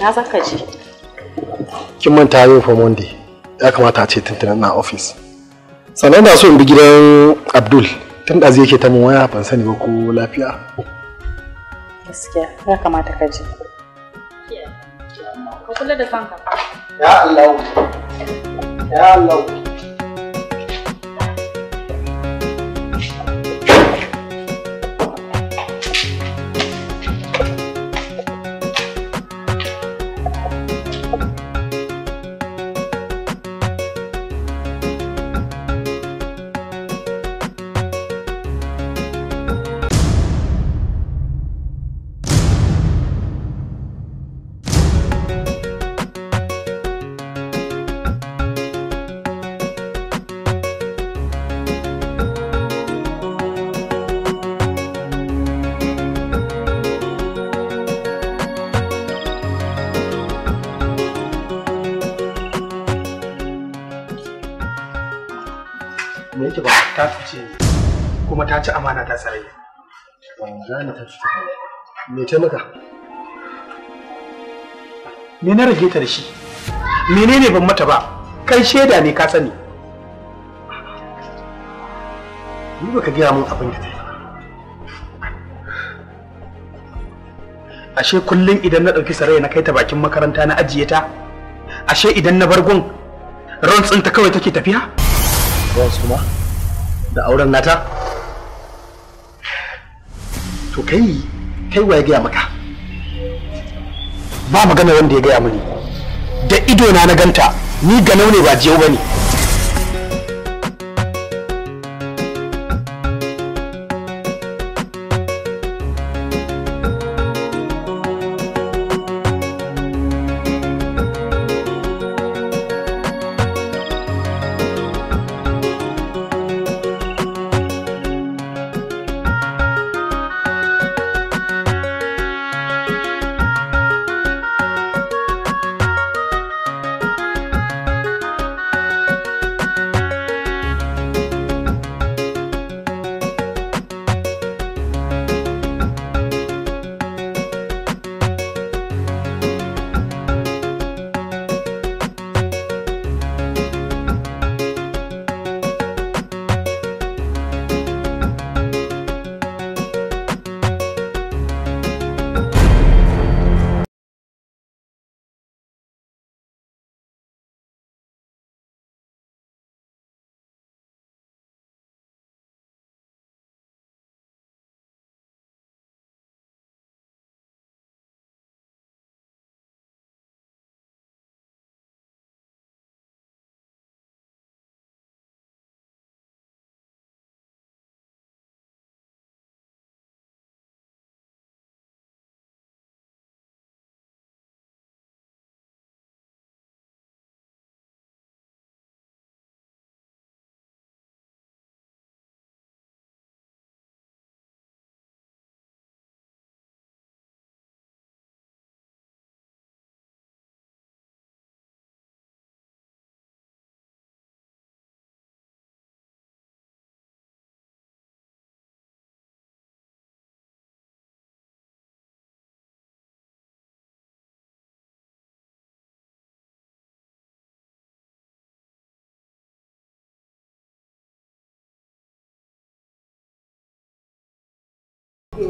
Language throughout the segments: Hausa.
Na za ka je? Kin manta yau fa Monday. Ya kamata a ce tuntunan na office. Sannan da so in bi gidan Abdul. Tun da zai yake ta mun waya ban sani ba ko lafiya. Gaskiya ya kamata ka je. Ka kula da kanka. Ya Allah. Ya Allah. thank you Allah sarai rana ta fita me ta maka me na rage ta da shi menene ban mata ba kai shaida ne ka sani ni baka gaya mun abin da ta yi ashe kullum idan na ɗauki sarai na kai ta bakin makaranta na ajiye ta ashe idan na bar gun rantsin ta kawai take tafiya rantsu kuma da auren nata to kai kai wa ya gaya maka ba magana wanda ya gaya mini da ido na na ganta ni ganau ne ba jiyau bane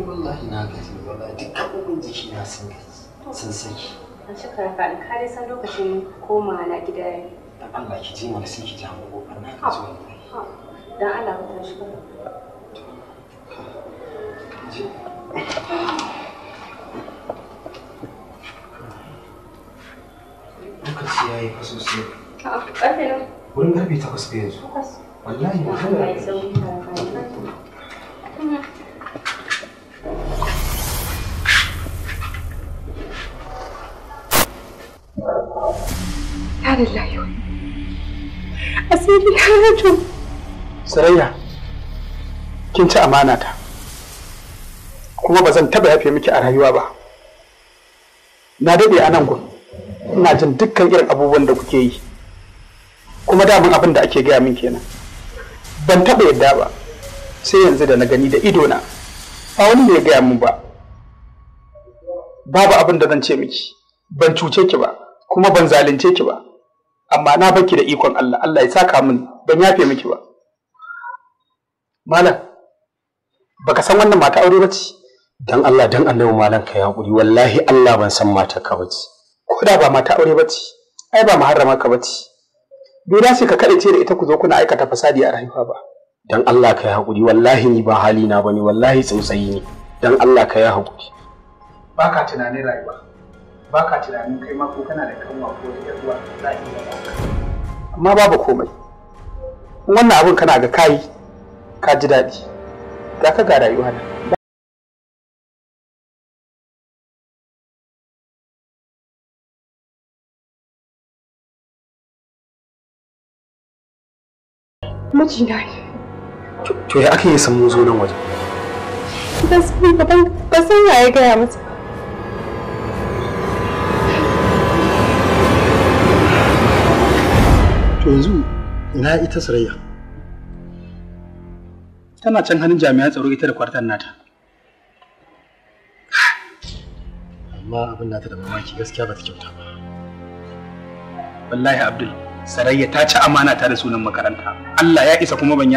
wallahi na gaji wallahi duk abubuwan jiki na sun gaji sun saki a shekara ka kare san lokacin koma na gida ya dan Allah ki je mana sai ki ja mu gobe na ka zo dan Allah tashi lokaci ya yi fa sosai ƙarfe nan wani ƙarfe takwas bai yanzu wallahi ba zai lillahi wa asiri halatu kin ci amana ta kuma ba zan taba yafe miki a rayuwa ba na dade a nan gun ina jin dukkan irin abubuwan da kuke yi kuma damin abin da ake gaya min kenan ban taba yadda ba sai yanzu da na gani da idona ba wani ne ya gaya min ba babu abin da zan ce miki ban cuce ki ba kuma ban zalunce ki ba amma na baki da ikon Allah Allah ya saka min ban yafe miki ba malam baka san wannan mata aure bace dan Allah dan ya malam ka hakuri wallahi Allah ban san mata ka bace ko da ba mata aure bace ai ba muharrama ka bace bai dace ka kada ce da ita ku zo kuna aikata fasadi a rayuwa ba dan Allah ka hakuri wallahi ni ba hali na bane wallahi tsautsayi ne dan Allah ka hakuri baka tunanin rayuwa ba ka tunanin kai ma ko kana da kanwa ko da zuwa za a iya amma babu komai wannan abin kana ga kayi ka ji daɗi ga ka ga rayuwa na mijina ne to ya aka yi san mun zo nan waje ba san ya gaya masa To yanzu ina ita Sarayya? Tana can hannun jami'an tsaro ita da kwartan nata. Amma abin nata da mamaki gaskiya ba ta kyauta ba. Wallahi Abdul, Sarayya ta ci amana ta da sunan makaranta. Allah ya isa kuma ban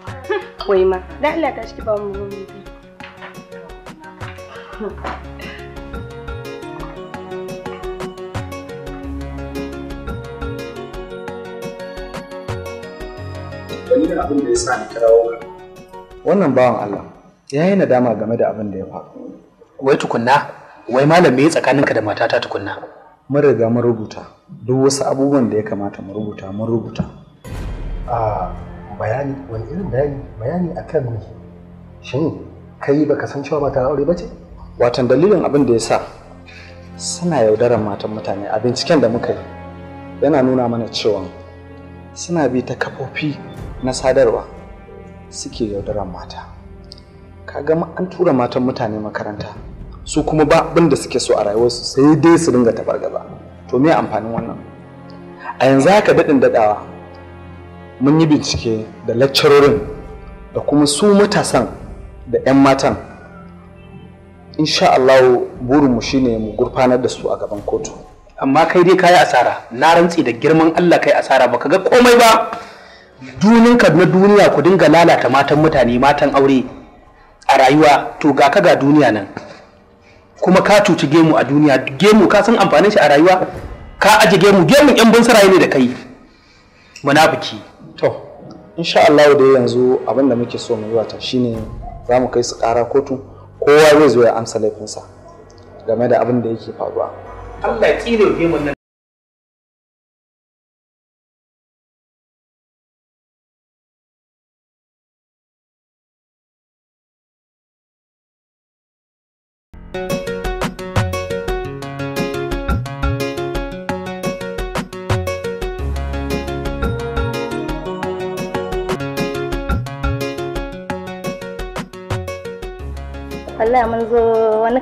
wai ma da abin da ya wannan bawan Allah ya yi nadama game da abin da ya faru wai tukunna wai malam me tsakaninka da matata tukunna mun riga mun rubuta duk wasu abubuwan da ya kamata mu rubuta mun rubuta ah bayani wani irin bayani bayani akan ne. shin kai baka san cewa mata aure bace watan dalilin abin da ya sa suna yaudarar matan mutane a binciken da muka yi yana nuna mana cewa suna bi ta kafofi na sadarwa suke yaudarar mata kaga an tura matan mutane makaranta su kuma ba abin da suke so a rayuwarsu sai dai su ringa tabargaza to me amfanin wannan a yanzu haka daɗin daɗawa mun yi bincike da lecturorin da kuma su matasan da 'yan matan insha Allah burinmu shine mu gurfanar da su a gaban kotu amma kai dai kayi asara na rantsi da girman Allah kai asara baka ga komai ba ka na duniya ku dinga lalata matan mutane matan aure a rayuwa to ga ka ga duniya nan kuma ka cuci gemu a duniya gemu ka san amfanin shi a rayuwa ka aje gemu gemun yan bunsa ne da kai munafiki to insha Allah da yanzu abin da muke so mu yi wata shine za mu kai su ƙara kotu kowa zai zo ya amsa laifinsa game da abin da yake faruwa Allah ya tsire mu nan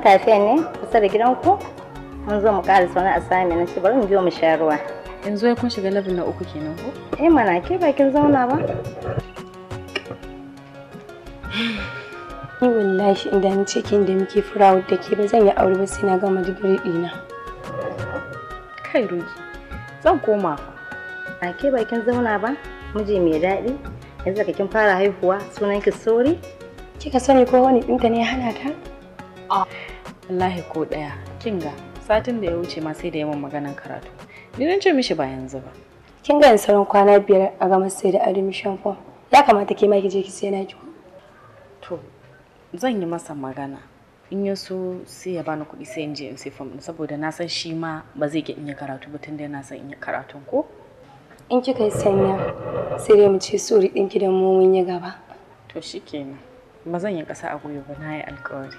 ɗan tafiya ne kusa da gidan ku? mun zo mu ƙarasa wani asami na ce bari mu biyo mu sha ruwa yanzu ya kun shiga labin na uku kenan ko eh mana ke bakin zauna ba ni wallahi inda ni cikin da muke firawo da ke ba zan yi aure ba sai na gama digiri ɗina kai roki zan koma a ke bakin zauna ba miji mai daɗi yanzu da kin fara haihuwa sunan ki sori kika sani ko wani dinka ne ya hana ta ah. wallahi ko ɗaya kinga satin da ya wuce ma sai da yawan maganan karatu ni nan ce mishi ba yanzu ba kin ga sauran kwana biyar a gama sai da admission form ya kamata ke ma ki je ki sai na ki to zan yi masa magana in ya so sai ya bani kuɗi sai in je in sai form saboda na san shi ma ba zai ki in yi karatu ba tunda yana son in yi karatun ko in kika yi sanya sai dai mu ce sori ɗinki da mu mun yi gaba to shikenan ba zan yi ƙasa a gwiwa ba na yi alƙawari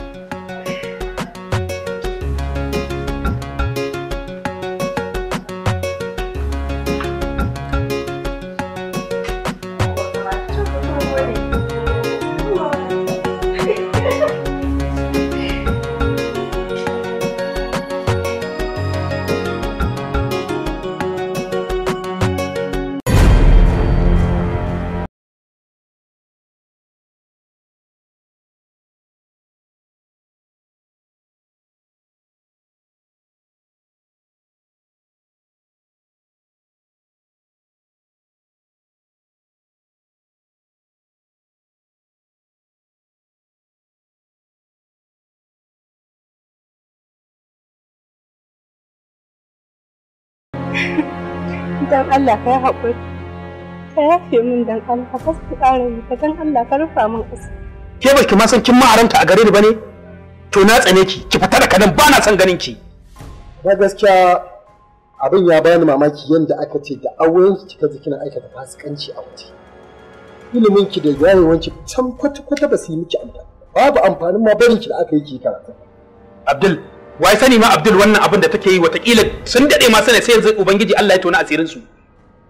dan Allah ka yi haƙuri ka yafe min dan Allah ka su ƙara yi ka dan Allah ka rufa min ƙasa. ke baki ma san kin ma'aranta a gare ni bane to na tsane ki ki fita daga nan ba na son ganin ki ba gaskiya abin ya bani mamaki yadda aka ce da auren ki kika kina aikata fasikanci a waje ilimin ki da yayin ki can kwata kwata ba su yi miki amfani babu amfanin ma barin ki da aka yi ki karatu Abdul wai sani ma Abdul wannan abin da take yi watakila sun dade ma sana sai yanzu ubangiji Allah ya tona asirin su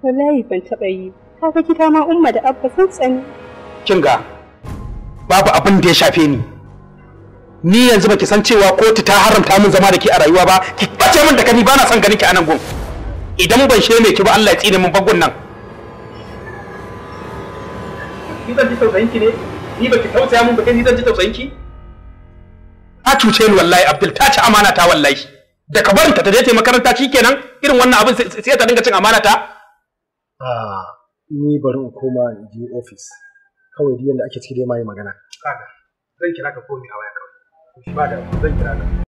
wallahi ban taba yi ga gida ma umma da abba sun tsani kin ga babu abin da ya shafe ni ni yanzu baki san cewa kotu ta haramta min zama da ke a rayuwa ba ki ɓace min da kani bana son ganin ki a nan gun idan ban shirme ki ba Allah ya tsine min bagun nan ni zan ji tausayin ki ne ni baki tausaya min ba kai ni zan ji tausayin ki ta cuce ni wallahi abdul ta ci amana ta wallahi da ka barinta ta je ta makaranta kenan irin wannan abin sai ta dinga cin amana ta ni bari in koma in je office kawai duk yanda ake ciki dai mai yi magana kaga zan kira ka ni a waya kawai ba da zan kira ka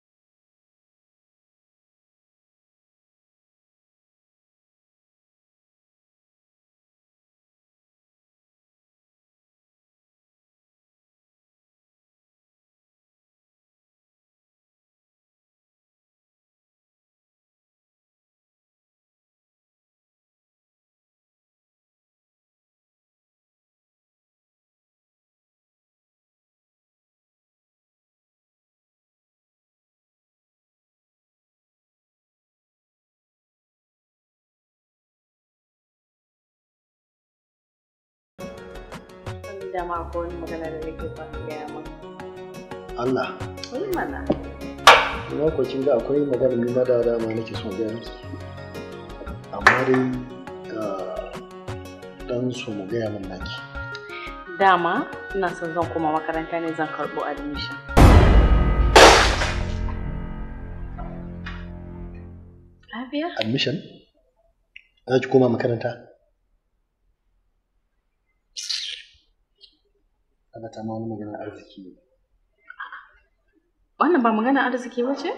da ma ko wani magana da ke faru gaya maka Allah wai mana ina ko kin ga akwai magana ni ma da dama nake son gaya miki amma dai dan so mu gaya min naki dama ina son zan koma makaranta ne zan karɓo admission Lafiya? Admission? Za ki koma makaranta? kaga ta ma wani maganar arziki ne wannan ba maganar arziki ba ce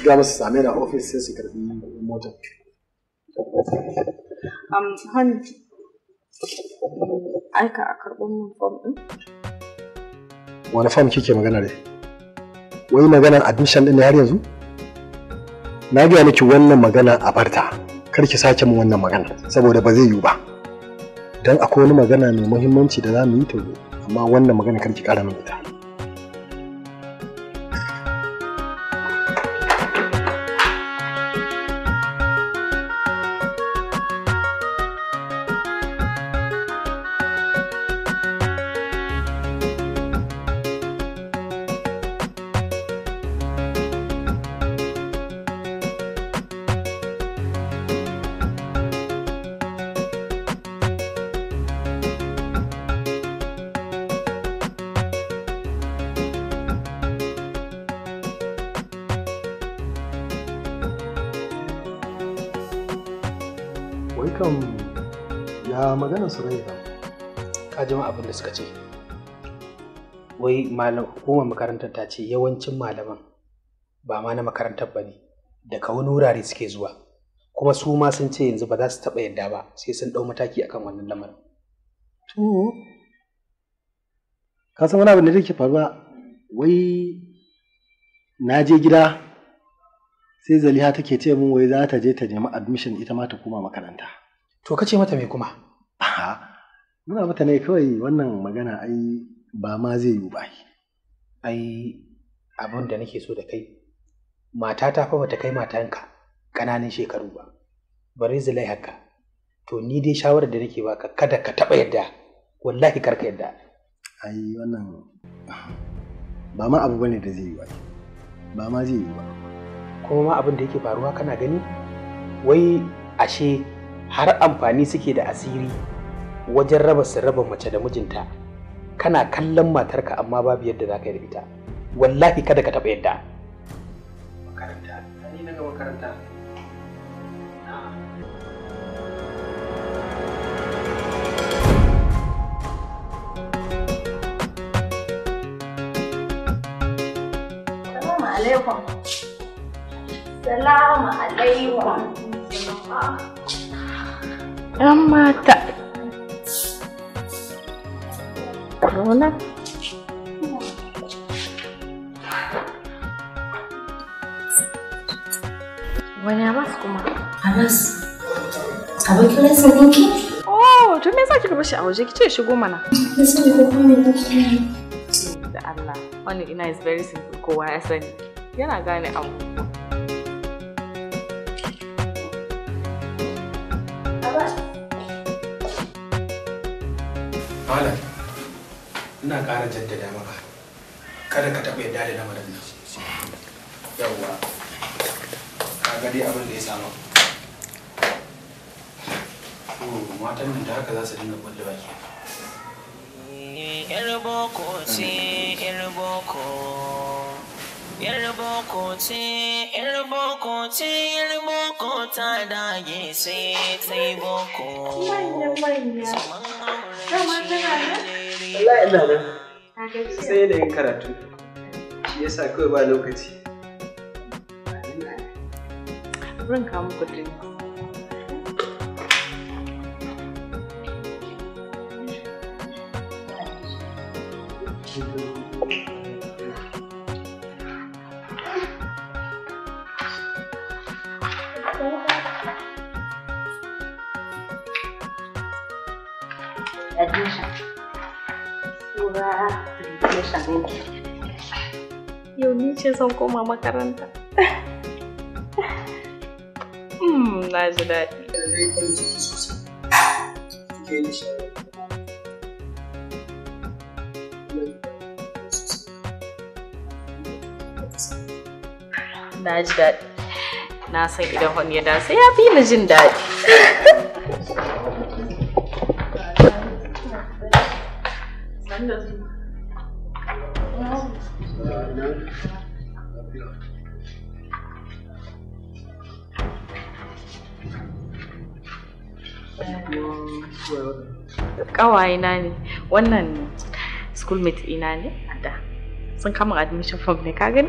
ga masu same na ofis sai su karbi mota um han aika a karɓar mun ɗin wani fam kike magana da wai maganar admission ɗin har yanzu na gaya miki wannan magana a barta kar ki sake min wannan magana saboda ba zai yiwu ba dan akwai wani magana mai muhimmanci da za mu yi ta amma wannan magana kar ki ƙara min ita da suka ce wai hukumar makarantar ta ce yawancin malaman ba ma na makarantar ba ne daga wani wurare suke zuwa kuma su ma sun ce yanzu ba za su taɓa yadda ba sai sun ɗau mataki akan wannan lamarin. To, ka san wani abin da ke faruwa wai na je gida sai zaliha take ce min wai za ta je ta nemi admission ita ma ta koma makaranta. To ka ce mata me kuma? A'a. muna mata ne kawai wannan magana ai ba ma zai yiwu ba ai abin da nake so da kai mata ta fa bata kai matanka ƙananan shekaru ba bari zilai haka to ni dai shawarar da nake baka kada ka taɓa yadda wallahi kar ka yadda ai wannan ba ma abu bane da zai yi ba ba ma zai yiwu ba kuma ma abin da yake faruwa kana gani wai ashe har amfani suke da asiri wajen raba su raba mace da mijinta kana kallon matarka amma babu yadda za ka yi da ita wallahi kada ka taɓa yadda makaranta Salamu alaikum. Salamu alaikum. ‘Yan mata corona. Wani Hamas kuma? Hamas, abokin rasa ninki? Oh, to me yasa kika bashi a waje kice shigo mana? Na sani ko kuma me kike Da Allah, wannan ina is very simple kowa ya sani. Yana gane abu. ƙara jaddada maka kada ka taɓa yadda da lamarin nan yawwa ka dai abin da ya samu matan nan da haka za su dinga kulle baki yar boko ce yar boko ta dage sai ta yi boko manya manya sai yin karatu shi yasa kawai ba lokaci abin kamu kudin zan koma makaranta hmm, na ji daɗi na ji daɗi na san idan wani ya ya jin daɗi kawaye ne wannan schoolmate ina ne a da sun kama admission form ne ka gani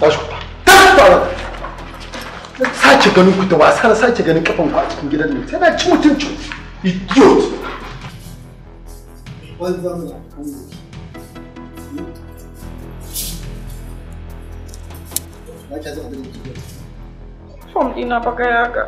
Tá escutando? Tá escutando? sake ganin ku da wasa na sace ganin kafan ku a cikin gidan nan sai na ci mutuncin idiot Fom ɗina baka yaga.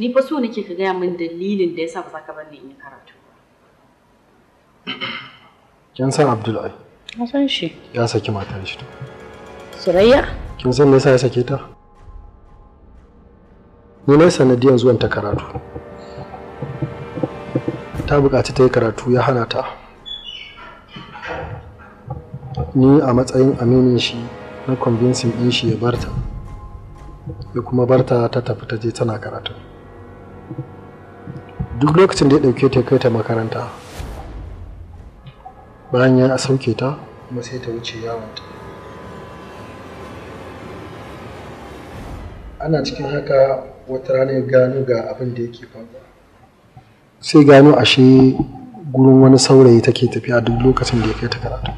Ni fa so nake ka gaya min dalilin da yasa ba za ka bar ni in yi karatu ba. Kin san Abdul ai? Na san shi. Ya saki matar shi. Surayya? Kin san me yasa ya sake ta? Ni ne sanadiyan zuwan ta karatu. Ta buƙaci ta yi karatu ya hana ta. Ni a matsayin aminin shi na convincing din shi ya barta. Ya kuma barta ta tafi ta je tana karatu. duk lokacin da ya ɗauke ta kai ta makaranta bayan ya sauke ta kuma sai ta wuce yawonta ana cikin haka wata rana gano ga abin da yake faruwa sai gano ashe gurin wani saurayi take tafiya duk lokacin da ya kai ta karatu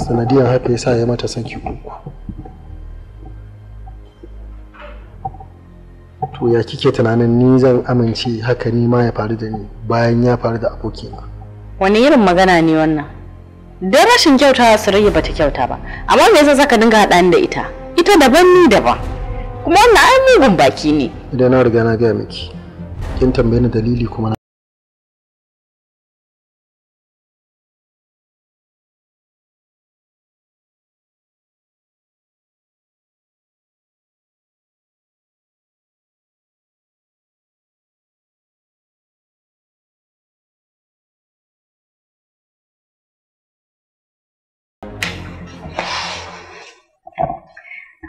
sanadiyar haka ya sa ya mata sanki uku to ya kike tunanin ni zan amince haka ni ma ya faru da ni bayan ya faru da abokina wani irin magana ne wannan don rashin kyauta surayya bata kyauta ba amma me yasa zaka dinga haɗa da ita ita daban ni daban kuma wannan ai mugun baki ne idan na riga na gaya miki kin tambaye ni dalili kuma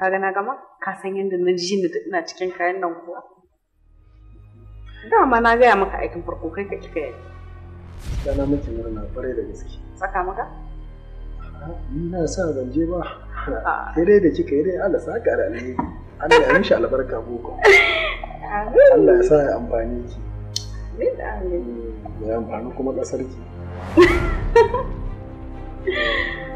ka na gama ka san yadda na ji ni ina cikin kayan nan kuwa dama na gaya maka aikin farko kai ka kika yi na miki murna kwarai da gaske saka maka ni na sa ban je ba sai dai da kika yi dai Allah saka da alheri Allah ya mishi albarka boko Allah ya sa ya amfani ki ya amfani kuma kasar ki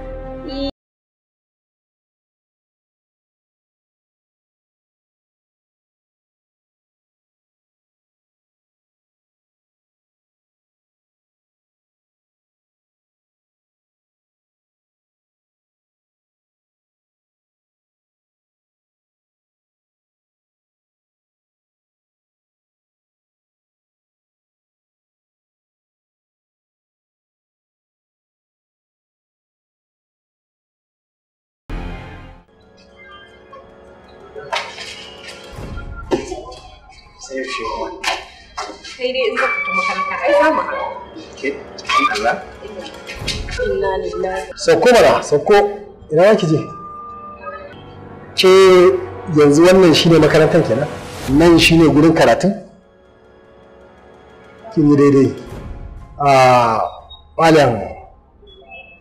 sai yaushe kuma kai dai in ka fita makaranta ai samu ke Allah inna lillahi sauko mana sauko ina ki je ke yanzu wannan shi ne makarantar kenan nan shi ne gurin karatun kin yi daidai a ah, malam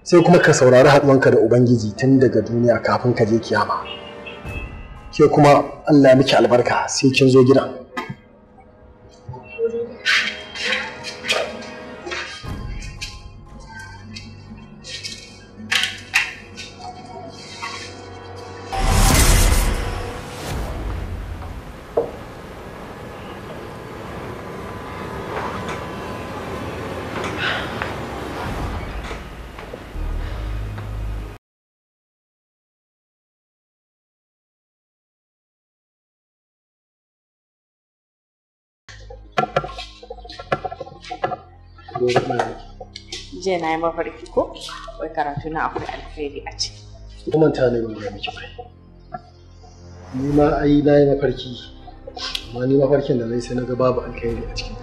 sai kuma ka saurari haɗuwanka da ubangiji tun daga duniya kafin ka je kiyama ke kuma allah ya miki albarka sai kin zo gidan abu ya na yi mafarki ko wai karatu na akwai a ciki kuma ne ga miki bai ni ma ai na yi mafarki amma ni mafarkin da sai na ga babu alheri a cikin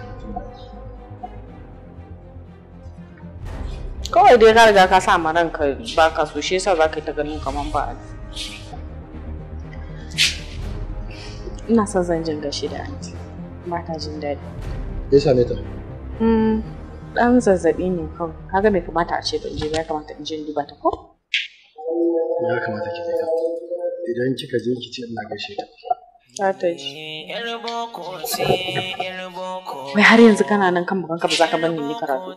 kawai dai ka riga ka sa ma ranka ba ka so shi yasa za ka yi ta ganin kamar ba alheri ina son zan jin gashi da anti ba ta jin daɗi. Ya same ta? Hmm. dan zazzabi ne kawai kaga bai kamata a ce ba je ya kamata in je duba ta ko ya kamata ki je idan kika je ki ce ina gaishe ta ta ta shi wai har yanzu kana nan kan ka ba za ka bani ni karatu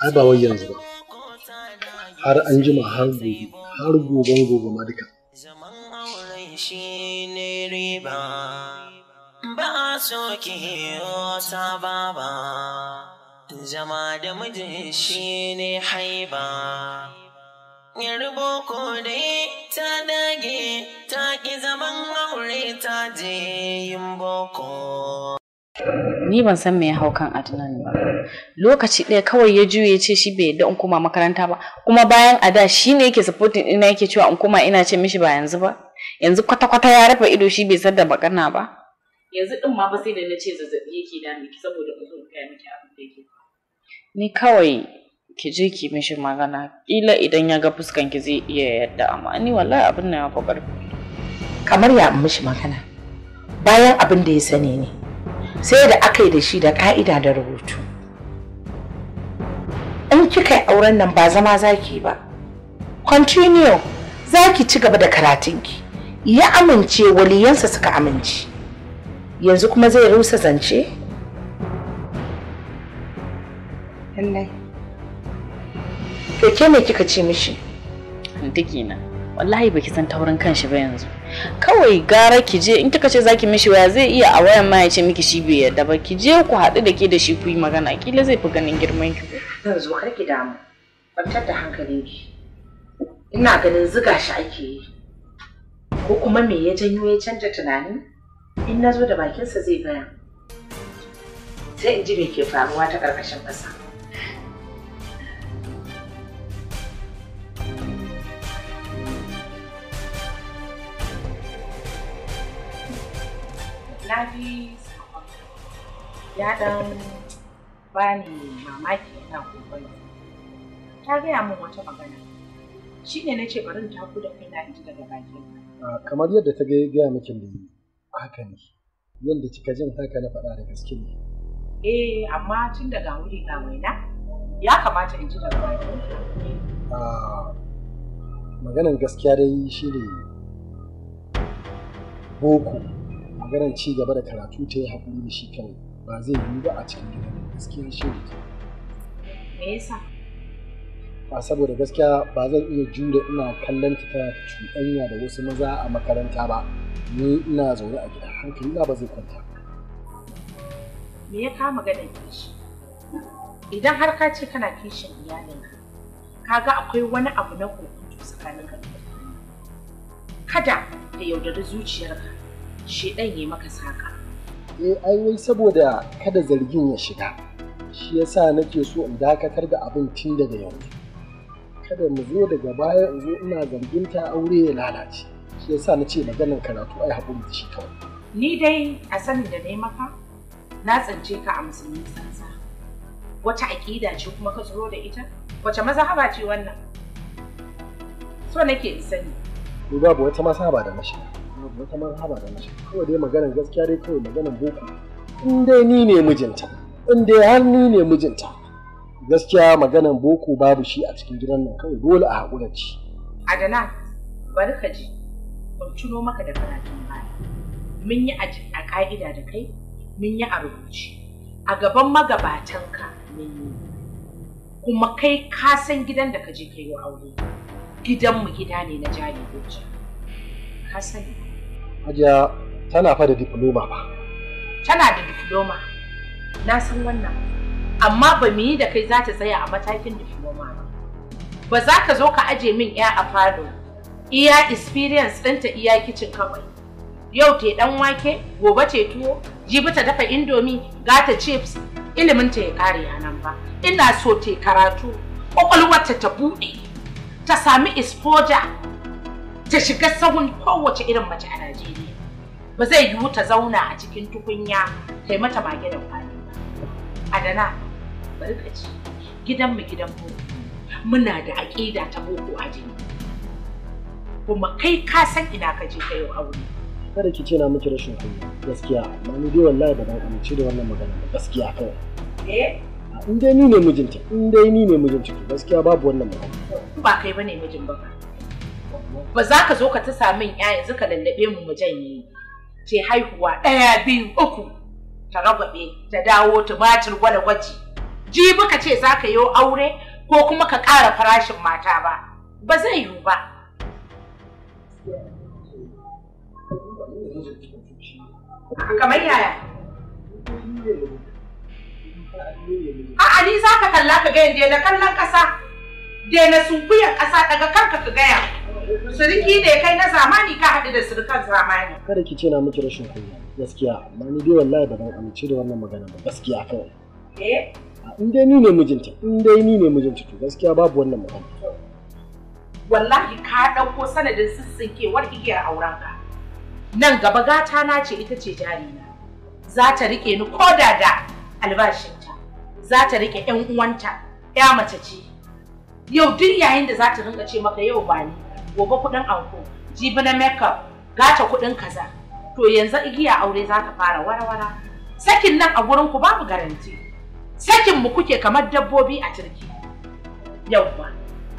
ai ba wai yanzu ba har an jima har gobe har gobe gobe ma duka zaman aure shi ne riba ba so ki wata ba-ba, zama da mijin shi ne haiba yarbo ko dai ta dage ta ki zaman aure ta je yin boko ni ban san me ya hau kan Adnan ba lokaci ɗaya kawai ya juye ce shi bai yadda in koma makaranta ba kuma bayan a da shi ne yake supporting ina yake cewa in koma ina ce mishi ba yanzu ba yanzu kwata-kwata ya rufe ido shi bai san da magana ba yanzu din ma ba sai da na ce zazzabi yake da miki saboda ba zo kai miki abin da yake ni kawai ki je ki mishi magana kila idan ya ga fuskan ki zai iya yadda amma ni wallahi abin nan ya fa karfi kamar ya mishi magana bayan abin da ya sani ne sai da aka yi da shi da ka'ida da rubutu in kika yi auren nan ba zama zaki ba continue zaki ci gaba da karatunki ya amince waliyansa suka amince yanzu kuma zai rusa zance? Lallai. To ne me kika ce mishi? Diki na. Wallahi baki san taurin kanshi ba yanzu. Kawai gara ki je in kika ce zaki mishi waya zai iya a wayan ma ya ce miki shi bai yarda ba ki je ku haɗu da ke da shi ku yi magana kila zai fi ganin girman ki. Yanzu kar ki damu. Kwantar da hankalinki. Ina ganin ziga shi ake yi. Ko kuma me ya janyo ya canja tunani? in na zo da bakinsa zai gaya sai in ji me ke faruwa ta ƙarƙashin ƙasa na ya ɗan bani mamaki yana kokari ta gaya min wata magana shine na ce bari in taku da kaina in ji daga bakin ah, kamar yadda ta gaya miki ne haka ne yadda kika jin haka na faɗa da gaske ne eh amma tun daga wuri ga waina ya kamata in ji daga baki a ah, maganan gaskiya dai shi ne boko maganan ci gaba da karatu ta yi haƙuri da shi kawai ba zai yi ba a cikin gidan gaskiya shi ne me yasa a saboda gaskiya ba zan iya jure ina kallon ta cuɗanya da wasu maza a makaranta ba ni ina zaune a gida hankali na ba zai kwanta me ya kama ganin kishi idan har ka ce kana kishin iyalinka kaga akwai wani abu na kokunto tsakanin ka kada da yaudari zuciyarka shedan ya maka saka eh ai wai saboda kada zargin ya shiga shi yasa nake so in dakatar da abin tun daga yanzu kada mu zo daga baya in zo ina gambinta ta aure ya lalace shi yasa na ce maganar karatu ai haƙuri da shi kawai ni dai a sanin da nai maka na tsance ka a musulmi sansa wata aƙida ce kuma ka tsoro da ita wace mazhaba ce wannan so nake in sani to babu wata mazhaba da na babu wata mazhaba da na kawai dai maganar gaskiya dai kawai maganar boko in dai ni ne mijinta in dai har ni ne mijinta gaskiya maganan boko babu shi a cikin gidan nan kawai dole a haƙura ci. Adana bari ka ji ban tuno maka da karatun baya mun yi a ka'ida da kai mun yi a rubuce a gaban magabatanka mun yi kuma kai ka san gidan da ka je ka yi aure gidanmu gida ne na jari goce ka sani. Hajiya tana fa da diploma ba. Tana da diploma na san wannan amma ba mu yi da kai za ta tsaya a matakin da shugaba ba za ka zo ka aje min ya a fado iya experience ɗinta iya kicin kawai yau te dan wake gobe te tuwo jibi ta dafa indomi gata chips ilimin ta ya kare a nan ba ina so te karatu kwakwalwarta ta buɗe ta sami exposure ta shiga sahun kowace irin mace a Najeriya ba zai yiwu ta zauna a cikin tukunya ta mata mage da adana bari ka ci gidanmu gidan boko muna da aƙida ta boko a jini kuma kai ka san ina ka je ka yi aure kada ki ce na miki rashin kunya gaskiya amma ni dai wallahi ba dan amince da wannan magana ba gaskiya kawai eh in dai ni ne mijinta in dai ni ne mijinta to gaskiya babu wannan magana ba kai bane mijin ba ba za ka zo ka ta samin ya yanzu ka lallabe mu mu janye ce haihuwa ɗaya biyu uku ta ragwabe ta dawo tumatir gwada gwaji jibi ka ce za ka yi aure ko kuma ka ƙara farashin mata ba ba zai yiwu ba kamar yaya a'a ni za ka kalla ka ga yadda na kallon ƙasa da na sunkuyar ƙasa daga karka ka gaya Suriki ne kai na zamani ka haɗu da surukan zamani. Kada ki ce na miki rashin kunya gaskiya amma ni dai wallahi ba amince da wannan magana ba gaskiya kawai. Eh? In dai ni ne mijinta in dai ni ne mijinta to gaskiya babu wannan magana. Wallahi ka ɗauko sanadin sissinkewar igiyar aurenka. Nan gaba gata na ce ita ce jarina. Za ta riƙe ni ko da da albashinta. Za ta riƙe 'yan uwanta 'ya mace ce. Yau duk yayin da za ta rinka ce maka yau ba ni gobe kuɗin anko jibi na makeup gata kuɗin kaza to yanzu igiya aure za ta fara warawara sakin nan a gurin ku babu garanti sakin mu kuke kamar dabbobi a turki yawwa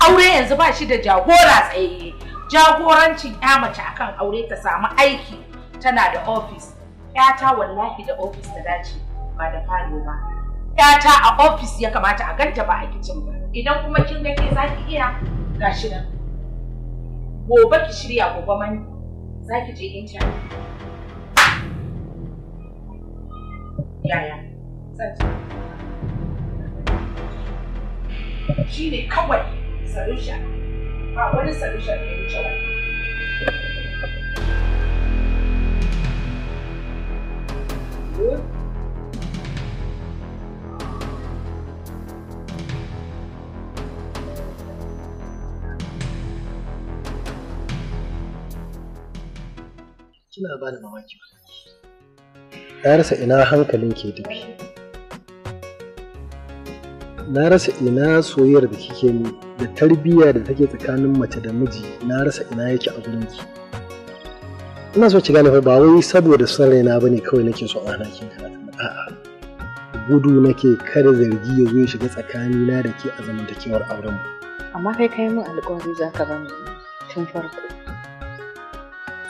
aure yanzu ba shi da jagora tsaye jagorancin ya mace akan aure ta samu aiki tana da ofis yata wallahi da ofis da dace ba da falo ba yata a ofis ya kamata a ganta ba a kicin ba idan kuma kin ga ke zaki iya gashi nan gobe ki shirya gobe mani za ki je inta yaya zan ci shi ne kawai sarusha ba wani sarusha da ya wuce wani Good. kina ba da mamaki na rasa ina hankalin ke tafi na rasa ina soyayyar da kike yi da tarbiyya da take tsakanin mace da miji na rasa ina yake a gurin ki ina so ki gane fa ba wai saboda son raina bane kawai nake so a hana ki karatu a'a gudu nake kada zargi ya zo ya shiga tsakani na da ke a zamantakewar auren mu amma kai kai mun alƙawari zaka bani tun farko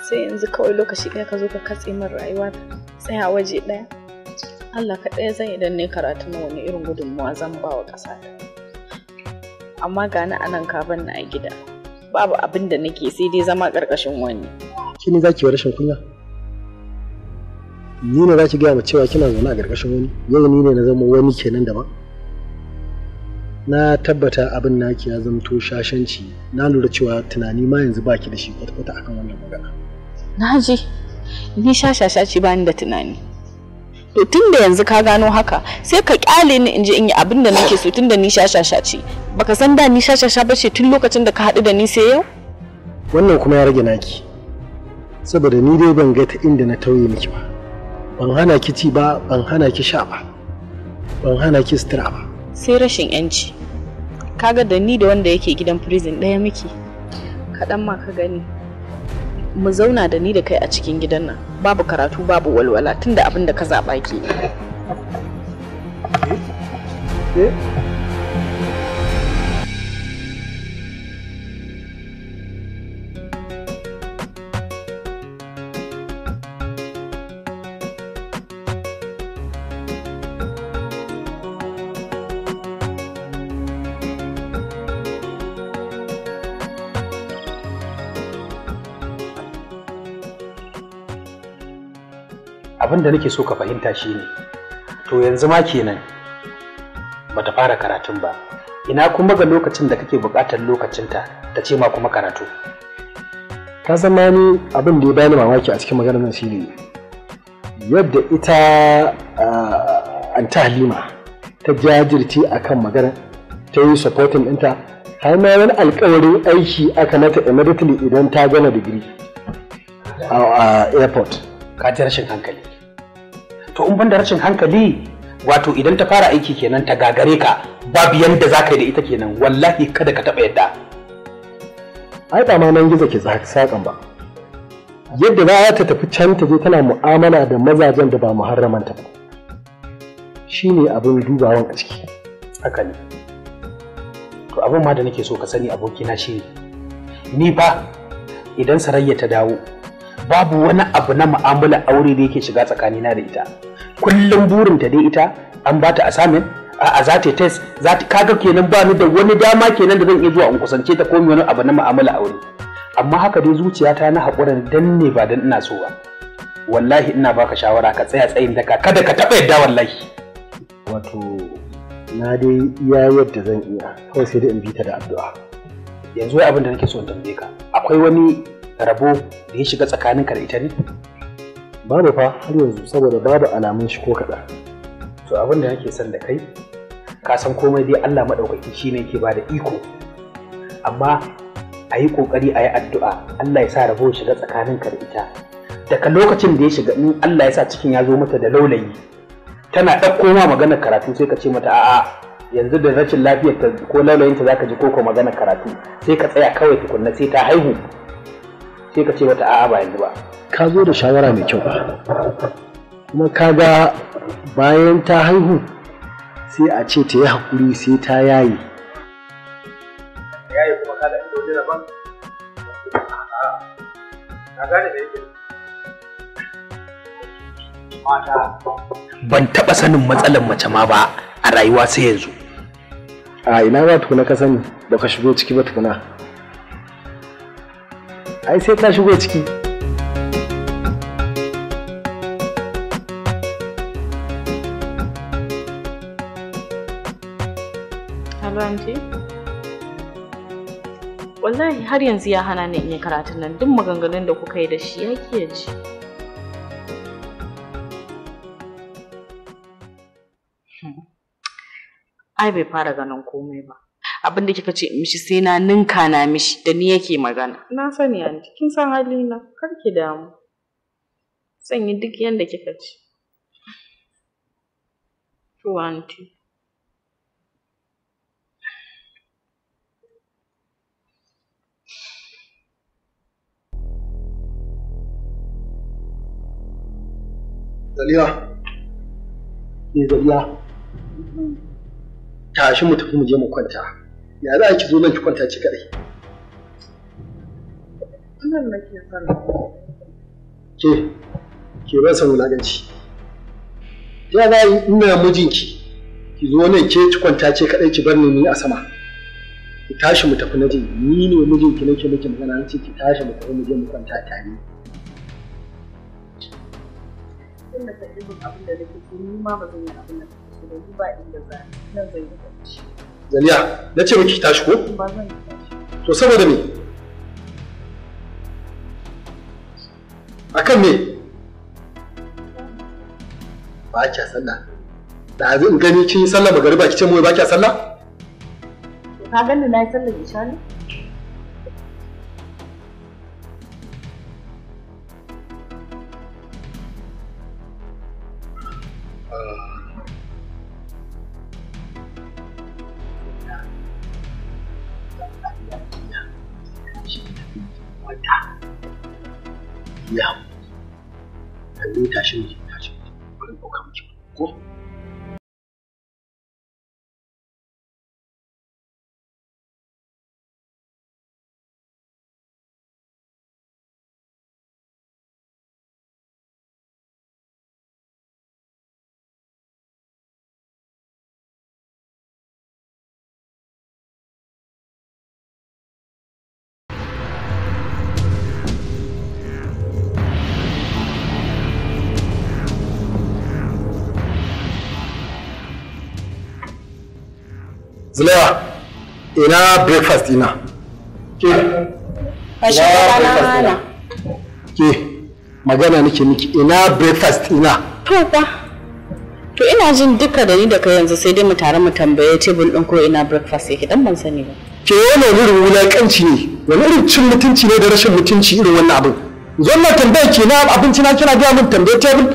sai yanzu kawai lokaci ɗaya ka zo ka katse min rayuwa tsaya waje ɗaya Allah ka ɗaya zan idan ne karatu na wani irin gudunmuwa zan ba wa ƙasa amma ga ni anan ka na a gida babu abin da nake sai dai zama ƙarƙashin wani ki ne zaki wa rashin kunya ni ne za ki gaya ma cewa kina zaune a ƙarƙashin wani yau ni ne na zama wani kenan daban na tabbata abin ke ya zamto shashanci na lura cewa tunani ma yanzu baki da shi kwata-kwata akan wannan magana na ji ni shashasha ce bani da tunani to tun da yanzu ka gano haka sai ka kyale ni in je in yi abin da nake so tun da ni shashasha ce baka san da ni shashasha ba ce tun lokacin da ka haɗu da ni sai yau wannan kuma ya rage naki saboda ni dai ban ga ta inda na tauye miki ba ban hana ki ci ba ban hana ki sha ba ban hana ki sutura ba sai rashin yanci kaga da ni da wanda yake gidan prison ɗaya miki kaɗan ma ka gani mu zauna da ni da kai a cikin gidan nan babu karatu babu walwala tunda abin da ka zaɓa ke. da nake so ka fahimta shi ne to yanzu ma kenan bata fara karatun ba ina kuma ga lokacin da kake buƙatar lokacinta ta ce ma kuma karatu ka zama ni abin da ya bani mamaki a cikin maganar nan ne. yadda ita ah, anta halima ta jajirce kan maganar ta yi supportin ɗinta har ma wani alƙawarin aiki aka mata immediately idan ta gana digiri a airport ka ji rashin hankali to in banda rashin hankali wato idan ta fara aiki kenan ta gagare ka babu yanda za ka yi da ita kenan wallahi kada ka taɓa yadda ai ba ma nan gizo ke sakan ba yadda za ta tafi can ta je tana mu'amala da mazajen da ba muharraman ba shi ne abin dubawan a ciki haka ne to abin ma da nake so ka sani abokina shi ne ni fa idan sarayya ta dawo babu wani abu na mu'amala aure da yake shiga tsakani na da ita kullum burinta dai ita an bata asamin a za ta test za ta kaga kenan ba ni da wani dama kenan da zan iya zuwa in kusance ta komi wani abu na mu'amala aure amma haka dai zuciyata na haƙura dan ne ba dan ina so ba wallahi ina baka shawara ka tsaya tsayin daka kada ka taɓa yadda wallahi wato na dai iya yadda zan iya kawai sai dai in bi ta da addu'a yanzu wai abin da nake so in tambaye ka akwai wani rabo da ya shiga tsakaninka da ita ne? Babu fa har yanzu saboda babu alamun shi ko kaɗa. To abin da nake son da kai, ka san komai dai Allah maɗaukaki shi ne ke da iko. Amma a yi ƙoƙari a yi addu'a Allah ya sa rabo shiga tsakaninka da ita. Daga lokacin da ya shiga in Allah ya sa cikin ya zo mata da laulayi, tana ɗauko ma maganar karatu sai ka ce mata a'a yanzu da rashin lafiyar ko laulayinta za ka ji koko magana karatu sai ka tsaya kawai tukunna sai ta haihu sai ka ce mata a'a ba yanzu ba ka zo da shawara mai kyau ba kuma ka ga bayan ta haihu sai a ce ta yi hakuri sai ta yayi ban taɓa sanin matsalar mace ma ba a rayuwa sai yanzu a ina za tukuna ka sani ba ka shigo ciki ba tukuna ai sai ka shigo ciki Albanci? Wallahi har yanzu ya hana ni in yi karatun nan duk maganganun da kuka yi da shi ya ki ji. Hmm. Ai bai fara ganin komai ba. abin da kika ce mishi sai na ninka na mishi da ni yake magana na sani anti kin san halina kar ki damu zan duk yadda kika ce to anti Zaliya. Eh, Zaliya. Tashi mu tafi mu je mu kwanta. ya za ki zo nan ki kwanta ki kadai nan nake son ke ke rasa wulaganci ya za yi ina mijinki ki zo nan ke ki kwanta ki kadai ki bar ni ni a sama ki tashi mu tafi naje ni ne mijinki nake miki magana nace ki tashi mu tafi mu je mu kwanta tare tunda ka abin da nake so ni ma ba zan yi abin da nake so da ba inda za nan zan yi kwanci Zaliya, na ce miki tashi ko? Ba zan tashi. To saboda me? Akan me? Ba kya sallah. Da zan gani kin yi sallah magariba kice mu ba kya sallah? Ka gani na yi sallah isha ne? Zulewa, ina breakfast ina ke fashe na hana ke magana nake miki ina breakfast ina to ba. to ina jin duka da ni da kai yanzu sai dai mu tare mu tambaye tebul din ko ina breakfast yake dan ban sani ba ke yana irin kanci ne wani irin cin mutunci ne da rashin mutunci irin wannan abin zan na tambaye ke na abinci na kina gaya min tambaye tebul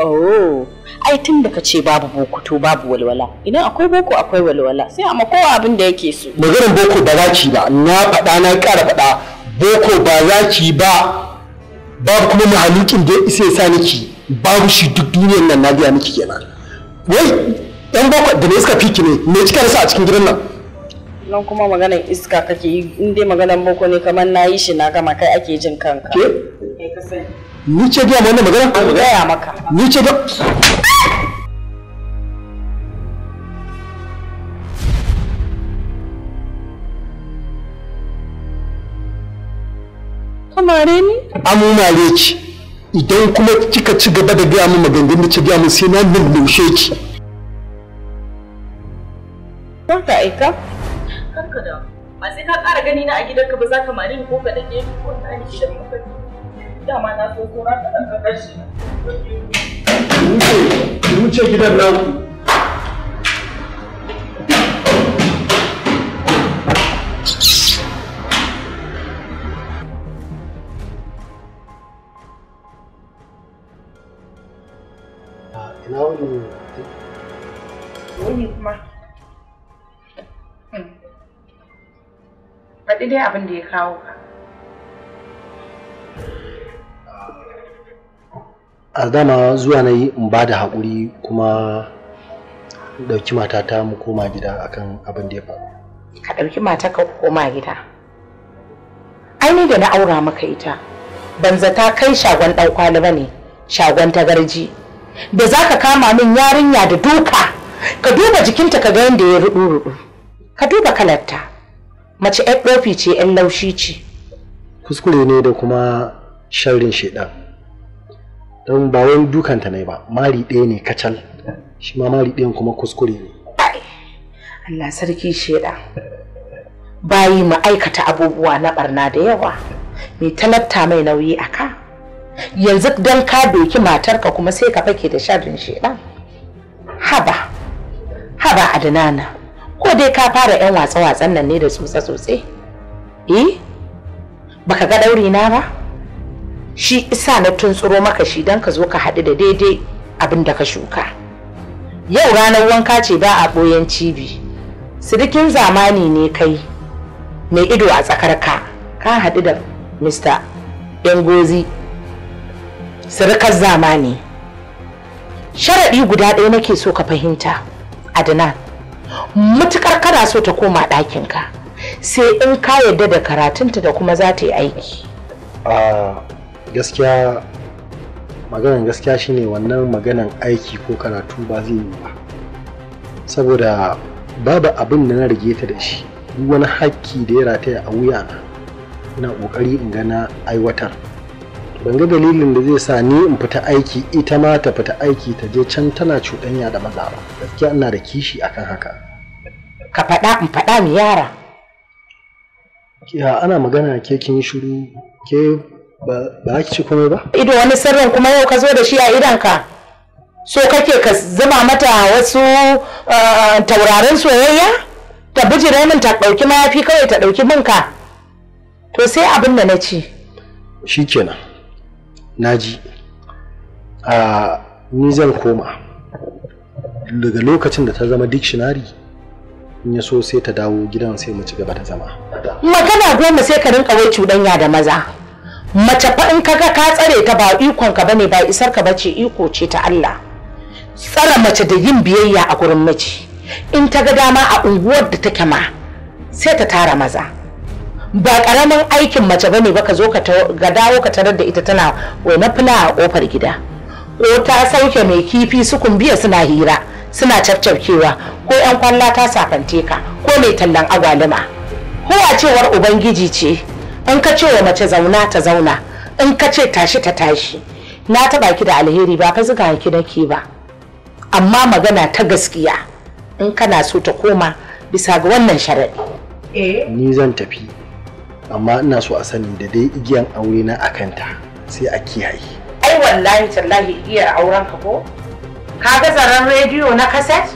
oh ai tun da ka ce babu boko to babu walwala idan akwai boko akwai walwala sai amma kowa abin da yake so maganar boko ba za ki ba na faɗa na ƙara faɗa boko ba za ki ba babu kuma mahalukin da isa sa niki babu shi duk duniyar nan na biya miki kenan wai dan boko da ne iska fiki ne me kika rasa a cikin gidan nan nan kuma maganar iska kake yi in dai maganar boko ne kamar na yi shi na gama kai ake jin kanka ke ka sani Ni ce gaya ma wannan magana? An gaya maka. Ni ce ga... Amare ni? Amumare ki. Idan kuma kika ci gaba da gaya min maganganun da ci gaya min sai na lullushe ki. Kar ka aika? Kar ka da. Ba sai ka ƙara gani na a gidanka ba za ka mare ni ko ka dake ni ko ta ni da mafarki. dama na so ta rata ɗan ƙaƙar shi. Ki wuce gidan nan. Ina wani hmm. Faɗi dai abin da ya kawo ka. a zama zuwa na yi in ba da haƙuri kuma ɗauki matata mu koma gida akan abin da ya faru ka ɗauki mata ka koma gida Ai ni da na aura maka ita ban zata kai shagon ɗan kwali ba ne shagon tagarji da za ka kama min yarinya da duka ka duba jikinta ka ga yadda ya ruɗu-ruɗu ka duba kalarta mace 'yan ɗofi ce 'yan laushi ce kuskure ne da kuma sharrin shaidan don ba dukanta ne ba mari ɗaya ne kacal shi ma mari ɗayan kuma kuskure ne Allah sarki sheda bayi mu aikata abubuwa na barna da yawa mai talatta mai nauyi a ka yanzu don ka doki matarka kuma sai ka fake da sharrin sheda haba haba adnana ko dai ka fara yan watsa-watsan nan ne da tsotse-tsotse eh baka ga ɗauri na ba shi isa na tuntsuro maka shi don ka zo ka haɗu da daidai abin da ka shuka yau ranar wanka ce ba a ɓoyen cibi Sirikin zamani ne kai mai ido a tsakar ka ka haɗu da mr yangozi sirikar zamani sharaɗi guda ɗaya nake so ka fahimta adnan mutukar kana so ta koma ɗakinka sai in ka yarda da karatunta da kuma za ta yi aiki ah, gaskiya maganan gaskiya shine wannan maganan aiki ko karatu ba zai yi ba saboda babu abin da na rage ta da shi duk wani hakki da ya rataya a na, ina ƙoƙari in gana aiwatar ban ga dalilin da zai sa ni in fita aiki ita ma ta fita aiki ta je can tana cuɗanya da maza ba gaskiya ina da kishi akan haka ka faɗa in faɗa mi yara ya ana magana ke kin shiru ke ba ki ci komai ba ido wani sirrin kuma yau ka zo da shi a idanka so kake ka zuba mata wasu eh, taurarin soyayya ta bijire min ta ɗauki mafi kawai ta ɗauki minka to sai abin da na ci shikenan naji a ah, ni zan koma daga lokacin da ta zama dictionary in ya so sai ta dawo gidan sai mu ci gaba da zama magana goma sai ka rinka wai cuɗanya da maza mace fa in kaga ka tsare ta ba ikon ka bane ba isar ka bace iko ce ta Allah tsara mace da yin biyayya a gurin mace, in ta ga dama a unguwar da take ma sai ta tara maza ba karamin aikin mace bane ba ka zo ka dawo ka tarar da ita tana na fula a kofar gida ko ta sauke mai kifi sukun biya suna hira suna cafcafkewa ko yan kwalla ta safante ka ko mai tallan agwaluma ko a cewar ubangiji ce in ka ce wa mace zauna ta zauna in ka ce tashi ta tashi na taba ki da alheri ba ka zuga ki nake ba amma magana ta gaskiya in kana so ta koma bisa ga wannan sharaɗi. Eh. ni zan tafi amma ina so a sani da dai igiyan aure na akanta sai a kiyaye ai wallahi tallahi igiyar auren ka ko ka ga zaren rediyo na kaset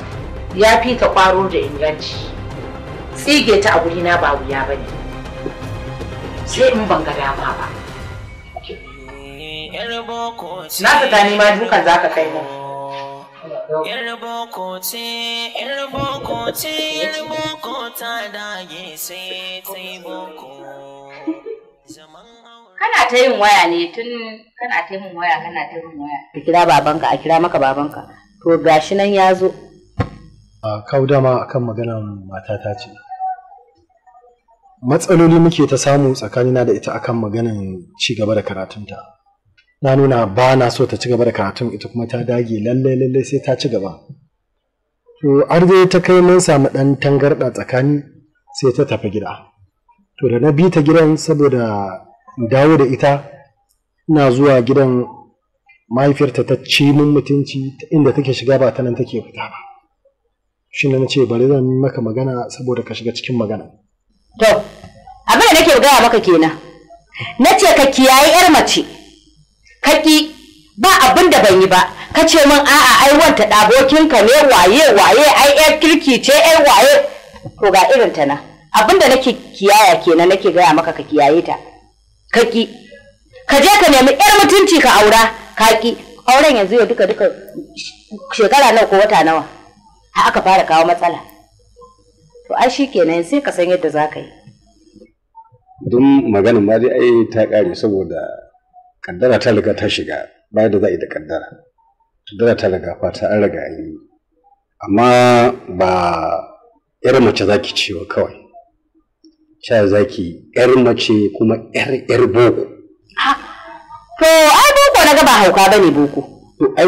ya fi ta kwaro da inganci tsige ta a na ba wuya bane sai in ban ga dama ba na fita nima dukan za ka kai mu kana ta yin waya ne tun kana ta yin waya kana ta yin waya ka kira babanka a kira maka babanka to gashi nan ya zo a kaudama akan maganar matata ce matsaloli muke ta samu tsakanina da ita akan maganin ci gaba da karatunta na nuna ba na so ta ci gaba da karatun ita kuma ta dage lallai lallai sai ta ci gaba to har dai ta kai mun samu dan tangarda tsakani sai ta tafi gida to da na bi ta gidan saboda dawo da ita ina zuwa gidan mahaifiyarta ta ci mun mutunci inda take shiga ba ta nan take fita ba shi na ce bari zan maka magana saboda ka shiga cikin magana To, abin da nake gaya maka kenan. Na ce ka kiyaye 'yar mace, ka ƙi ba abin da ban yi ba, ka ce min a'a ai wanta ka ne waye waye ai 'yar kirki ce 'yar waye. To ga irin ta nan, abin da nake kiyaya kenan nake gaya maka ka kiyaye ta. Ka ƙi, ka je ka nemi 'yar mutunci ka aura, ka ƙi. Auren yanzu ya duka duka shekara nawa ko wata nawa. A aka fara kawo matsala. to ai shi kenan sai ka san yadda za ka yi don maganin ma dai ai ta kare saboda kaddara ta riga ta shiga ba da za a yi da kaddara kaddara ta riga fata an riga yi amma ba yar mace za ki ciwo kawai sha za ki yar mace kuma yar yar boko to ai boko na gaba hauka ba ne boko to ai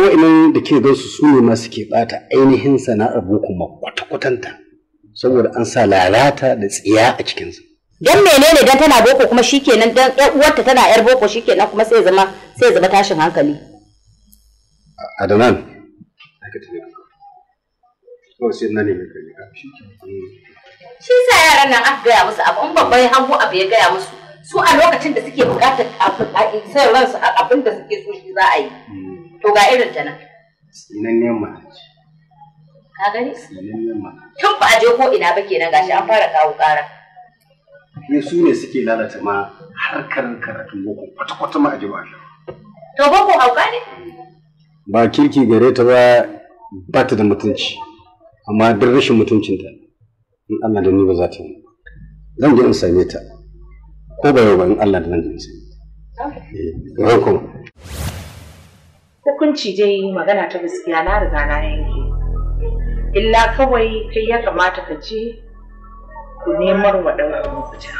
da ke gansu su ne ma suke bata ainihin sana'ar boko ma kwata-kwatanta saboda an sa lalata da tsiya a cikinsa don menene dan tana boko kuma shikenan dan ɗan uwarta tana yar boko shikenan kuma sai zama sai zama tashin hankali Adanan aka tafi Ko sai na mai kai ka ah, shi shi sa yaran nan aka gaya musu abu in babban hango abu ya gaya musu su a lokacin da suke buƙatar a san ransu abin da suke so shi za a yi hmm. to ga irin ta nan nan ne ma Ka gani? Tun ba a je ko ina ba kenan gashi an fara kawo ƙara. Ni su ne suke lalata ma harkar karatun boko kwata-kwata ma a ji ba To boko hauka ne? Ba kirki gare ta ba ba ta da mutunci. Amma duk rashin mutuncinta in Allah da ni ba za ta yi. Zan je in same ta. Ko ba yau ba in Allah da nan da in same ta. Hukunci dai magana ta gaskiya na riga na yanke. illa kawai kai ya kamata ka ce ku nemar wa ɗaukar mafita.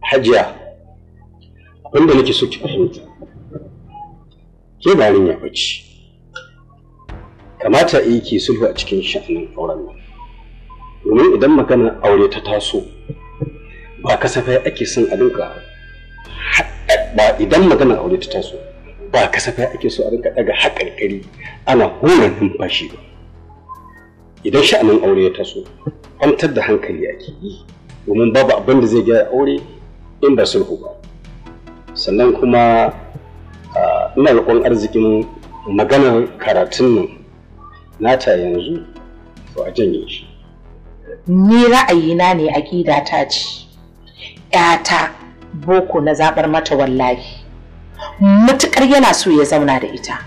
Hajiya, abinda nake so ki fahimta, ke ba ya bace. Kamata yi ke sulhu a cikin sha'anin auren nan. Domin idan maganar aure ta taso, ba kasafai ake son a dinka ba idan maganar aure ta taso. ba kasafai ake so a rinka daga haƙarƙari ana hura numfashi ba idan sha'anin aure ya taso kwantar da hankali ake yi domin babu abin da zai gyara aure in ba sulhu ba sannan kuma ina roƙon arzikin maganar karatun nan nata yanzu ko a janye shi ni ra'ayina ne aƙida ta ce 'yata boko na zaɓar mata wallahi matuƙar yana so ya zauna da ita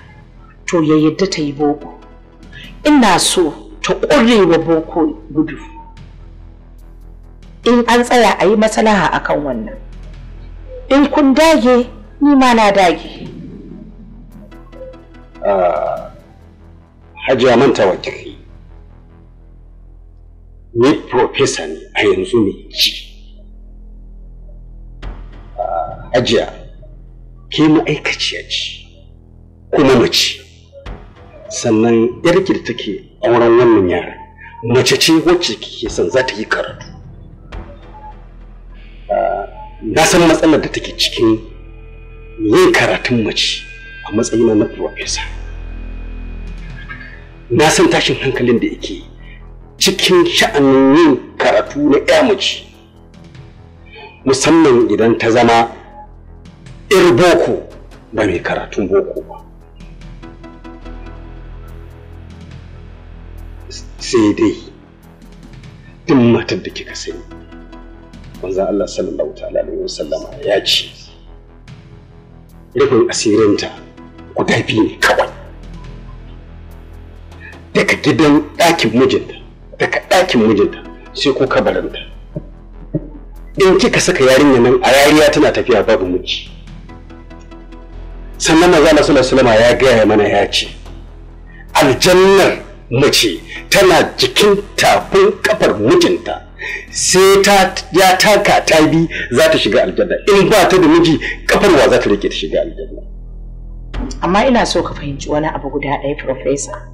to ya yadda ta yi boko ina so ta ƙurewa boko gudu in an tsaya a yi masalaha a kan wannan in kun dage ni ma na dage ah, hajiya manta wa kiri ni profesa ne a yanzu ne ji ah, hajiya ke ma'aikaciya ce kuma mace sannan yarki da take auren wannan yara mace ce wacce kike son za ta yi karatu ah, na san matsalar da take cikin yin karatun mace a matsayina na profesa na san tashin hankalin da yake cikin sha'anin yin karatu na ya mace musamman idan ta zama iri boko ba mai karatun boko ba sai dai duk matar da kika sani wanzan Allah sallallahu ta'ala alaihi sallama ya ce rufin asirinta ku tafi ne kawai daga gidan ɗakin mijinta daga ɗakin mijinta sai ko kabarinta in kika saka yarinya nan a yariya tana tafiya babu miji sannan maza Allah sallallahu alaihi ya gaya mana ya ce aljannar mace tana jikin tafin kafar mijinta sai ta ya taka ta bi za ta shiga aljanna in ba ta da miji kafarwa za ta rike ta shiga aljanna amma ina so ka fahimci wani abu guda ɗaya profesa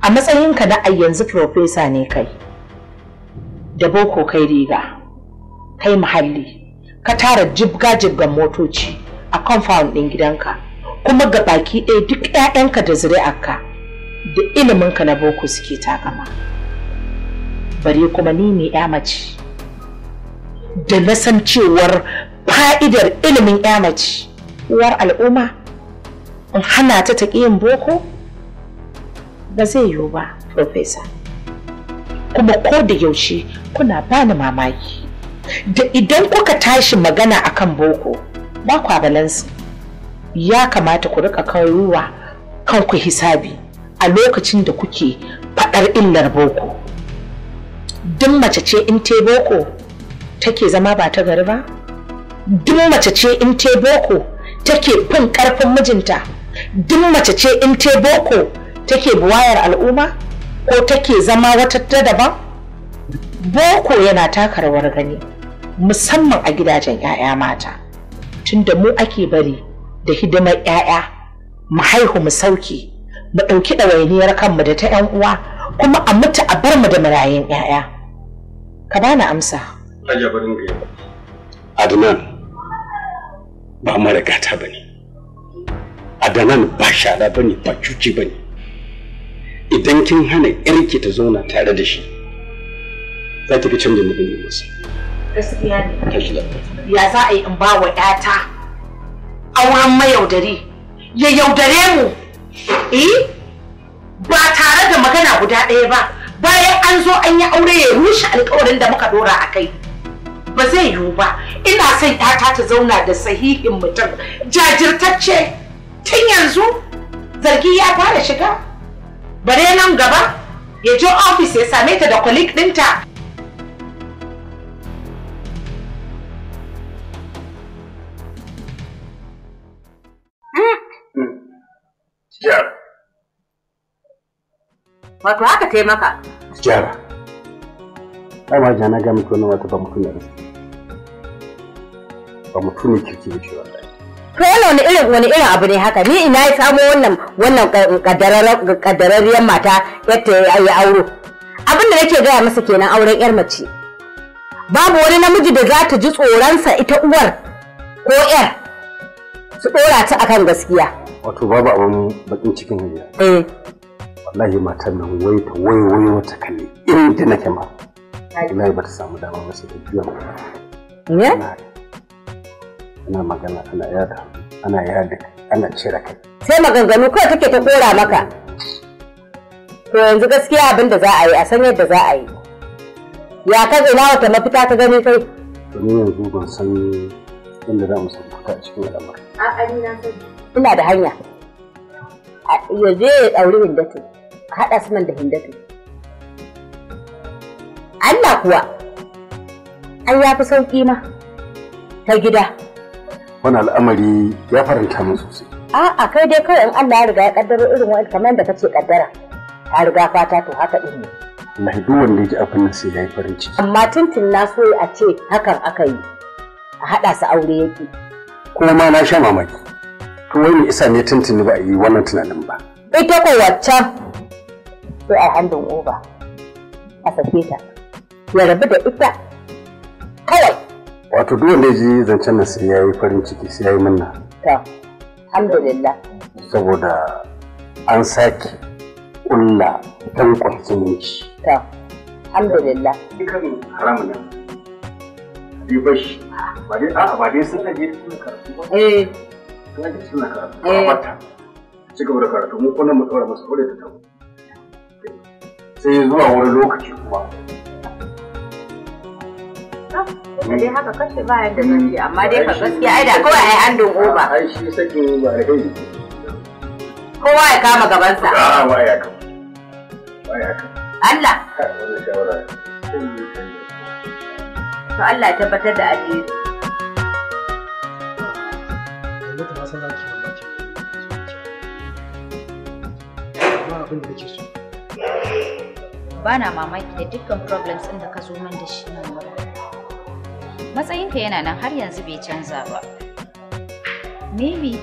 a matsayinka na a yanzu profesa ne kai da boko kai riga kai muhalli ka tara jibga jibgan motoci a compound ɗin gidanka kuma ga baki ɗaya duk ƴaƴanka da zuri'arka da iliminka na boko suke takama bare kuma ni ne 'ya mace da na san cewar fa'idar ilimin 'ya mace uwar al'umma in hana ta taƙi yin boko ba zai yiwu ba profesa kuma ko da yaushe kuna bani mamaki da idan kuka tashi magana akan boko ba kwa balansi ya kamata ku rika kan kanku hisabi a lokacin da kuke faɗar illar boko duk mace ce in te boko take zama ba ta gari ba duk mace ce in te boko take fin ƙarfin mijinta duk mace ce in te boko take buwayar al'umma ko take zama wata ta daban boko yana taka rawar gani musamman a gidajen 'ya'ya mata tun da mu ake bari da hidimar 'ya'ya mu haihu mu sauke mu ɗauki ɗawainiyar kanmu da ta 'yan uwa kuma a mutu a bar mu da marayun 'ya'ya ka bani amsa Adnan ba mara gata ba ne Adnan ba shara ba ne ba cuci ba idan kin hana 'yarki ta zauna tare da shi za ta fi canjin da masa. gaskiya ne ya za a yi in ba wa ƴata auren mayaudari ya yaudare mu eh ba tare da magana guda ɗaya ba bayan an zo an yi aure ya rushe alƙawarin da muka dora a kai ba zai yiwu ba ina son ƴata ta zauna da sahihin mutum jajirtacce tun yanzu zargi ya fara shiga bare nan gaba ya je ofis ya same ta da kwalik ɗinta Tijara. Wato haka taimaka. Tijara. Ai ma jana ga miki wannan wata ba mutum ne ba mutum ne kirki ne cewa. To yana wani irin wani irin abu ne haka ni ina ya samo wannan wannan kaddararriyar mata yadda ya yi auro. Abin da nake gaya masa kenan auren yar mace. Babu wani namiji da za ta ji tsoronsa ita uwar ko yar su ɗora ta akan gaskiya wato babu abin bakin cikin hajiya eh wallahi matan nan wai ta wai wai wata kalle inda nake ma wallahi ba ta samu dama ba sai ta biya ne ana magana ana yada ana yada ana cire kai sai maganganu kawai take ta ɗora maka to yanzu gaskiya abin da za a yi a san yadda za a yi ya ka ina wata mafita ta gani kai domin yanzu ban san yadda za mu samu fita a cikin al'amar. A'a ni sani. Ina da hanya. Ya je ya ɗauri hindatu, a haɗa su nan da hindatu. Allah kuwa, an ya fi sauƙi ma ta gida. Wani al'amari ya faranta min sosai. A'a kai dai kawai in Allah ya riga ya ƙaddaro irin wani kamar da kace kaddara. Ta riga fata to haka din ne. Lahi duk wanda ya ji abin nan sai ya yi farin ciki. Amma tuntun na so a ce hakan aka yi. a haɗa su aure yake kuma ma na sha mamaki to wai me isa ne tuntuni ba a yi wannan tunanin ba ita ko waccan to a handin uba a sake ta ya rabu da ita kawai wato duk wanda ji zancen nan sai yayi farin ciki sai yayi murna to alhamdulillah saboda an sake kulla dan kwancinci to alhamdulillah duka haramun nan biyu ba shi ba dai a'a ba dai sun aje suna karatu ba eh sun aje suna karatu eh. ba ta, ci gaba da karatu mu kuma mu tsora musu kore ta tabu sai zuwa wani lokaci kuma ah, kashe bayan amma dai ka ai da shi sakin kowa ya kama gabansa Allah to Allah ya tabbatar da alheri Bana mamaki da dukkan problems ɗin da ka zo min da shi nan wurin matsayinka yana nan har yanzu bai canza ba maybe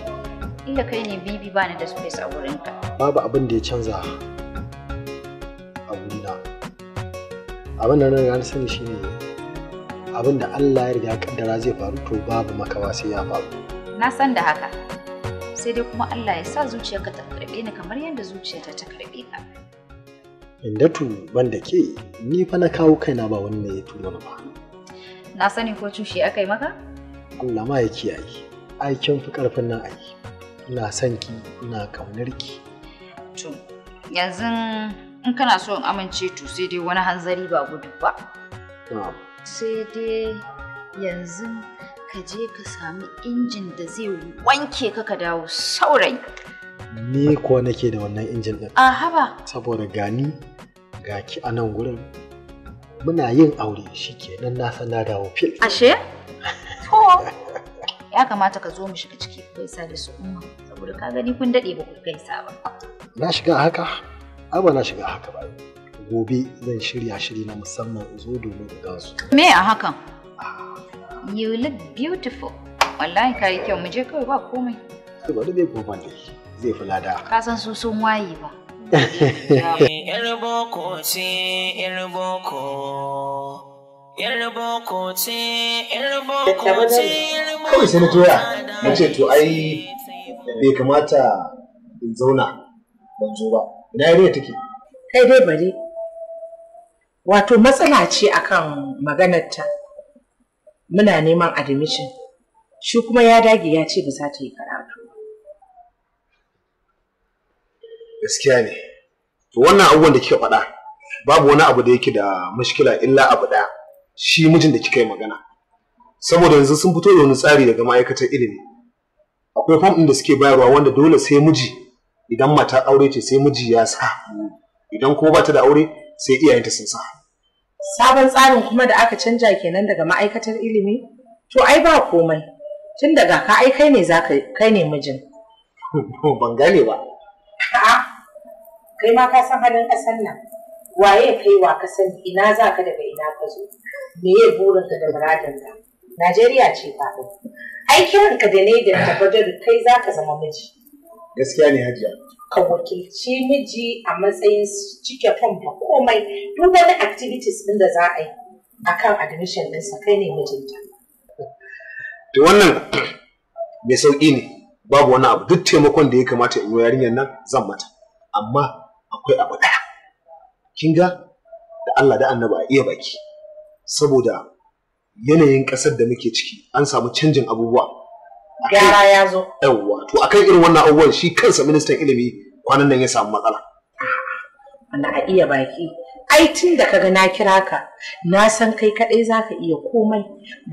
inda kai ne bibi ba ni da space a wurinka babu abin da ya canza a wurina abin da na sani ne. abin da Allah ya riga ya kaddara zai faru to babu makawa sai ya faru na san da haka sai dai kuma Allah ya sa zuciyarka ta karbe ni kamar yadda zuciyarta ta karbe ka ban banda ke ni fa na kawo kaina ba wani ne ya turo ba na sani ko cushe aka yi maka Allah ma ya kiyaye ai kin fi karfin nan ai ina son ki ina kaunar ki to yanzu in kana so in amince to sai dai wani hanzari ba gudu ba sai dai yanzu ka je ka sami injin da zai wanke ka ka dawo saurayi ni kuwa nake da wannan injin din a ah, haba saboda gani ga ki a nan gurin muna yin aure shikenan na san na dawo fil ashe to ya kamata ka zo mu shiga ciki gaisa da su umma saboda ka gani kun dade ba ku gaisa ba na shiga haka ai ba na shiga haka ba gobe zan shirya shiri na musamman zo domin ga su. Me a hakan? Ah. You look beautiful. Wallahi ka yi kyau mu je kawai ba komai. Bari ko goban ne zai fi lada. Ka san su sun waye ba. Yar boko ce, yar boko. Yar boko ce, yar boko ce, yar boko. Kawai sai na toya, na ce to ai bai kamata in zauna ban zo ba. Ina ne take? Kai dai bari wato matsala ce akan maganarta muna neman admission shi kuma ya dage ya ce ba za ta yi karatu gaskiya ne to wannan abubuwan da kika faɗa babu wani abu da yake da mashkila illa abu ɗaya shi mijin da kika yi magana saboda yanzu sun fito da wani tsari daga ma'aikatar ilimi akwai fam ɗin da suke bayarwa wanda dole sai miji idan mata aure ce sai miji ya sa idan ko ba ta da aure sai iyayenta sun sa sabon tsarin kuma da aka canja kenan daga ma'aikatar ilimi to ai ba komai tun daga ka ai kai ne za ka kai ne mijin ban gane ba a'a kai ma ka san halin ƙasar nan waye kai wa ka sani ina za ka daga ina ka zo me ye burinka da ka? Najeriya ce ba aikin ka da ne da tabbatar kai za ka zama miji gaskiya ne hajiya ka wakilci miji a matsayin cike fom da komai duk wani activities ɗin da za a yi akan admission ɗinsa kai ne mijinta. To wannan mai sauƙi ne babu wani abu duk taimakon da ya kamata in yarinyar nan zan mata amma akwai abu ɗaya. Kin ga da Allah da annaba a iya baki saboda yanayin ƙasar da muke ciki an samu canjin abubuwa. Gara ya zo. Yawwa to akan irin wannan abubuwan shi kansa ministan ilimi kwanan nan ya samu matsala ana a iya baki ai tun da kaga na kira ka na san kai kadai zaka iya komai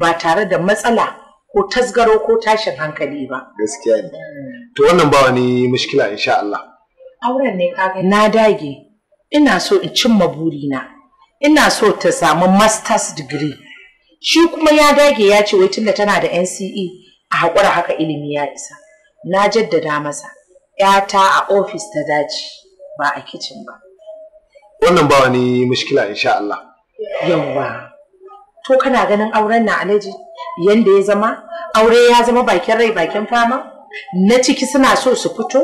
ba tare da matsala ko tasgaro ko tashin hankali ba gaskiya ne hmm. to wannan ba wani mushkila insha Allah auren ne kaga na dage ina so in cimma burina ina so ta samu masters degree shi kuma ya dage ya ce wai tunda tana da NCE a haƙura haka ilimi ya isa na jaddada masa yata a ofis ta dace ba a kicin ba. Wannan ba wani mushkila insha Allah. Yawwa. To kana ganin auren na alaji yanda ya zama aure ya zama bakin rai bakin fama na ciki suna so su fito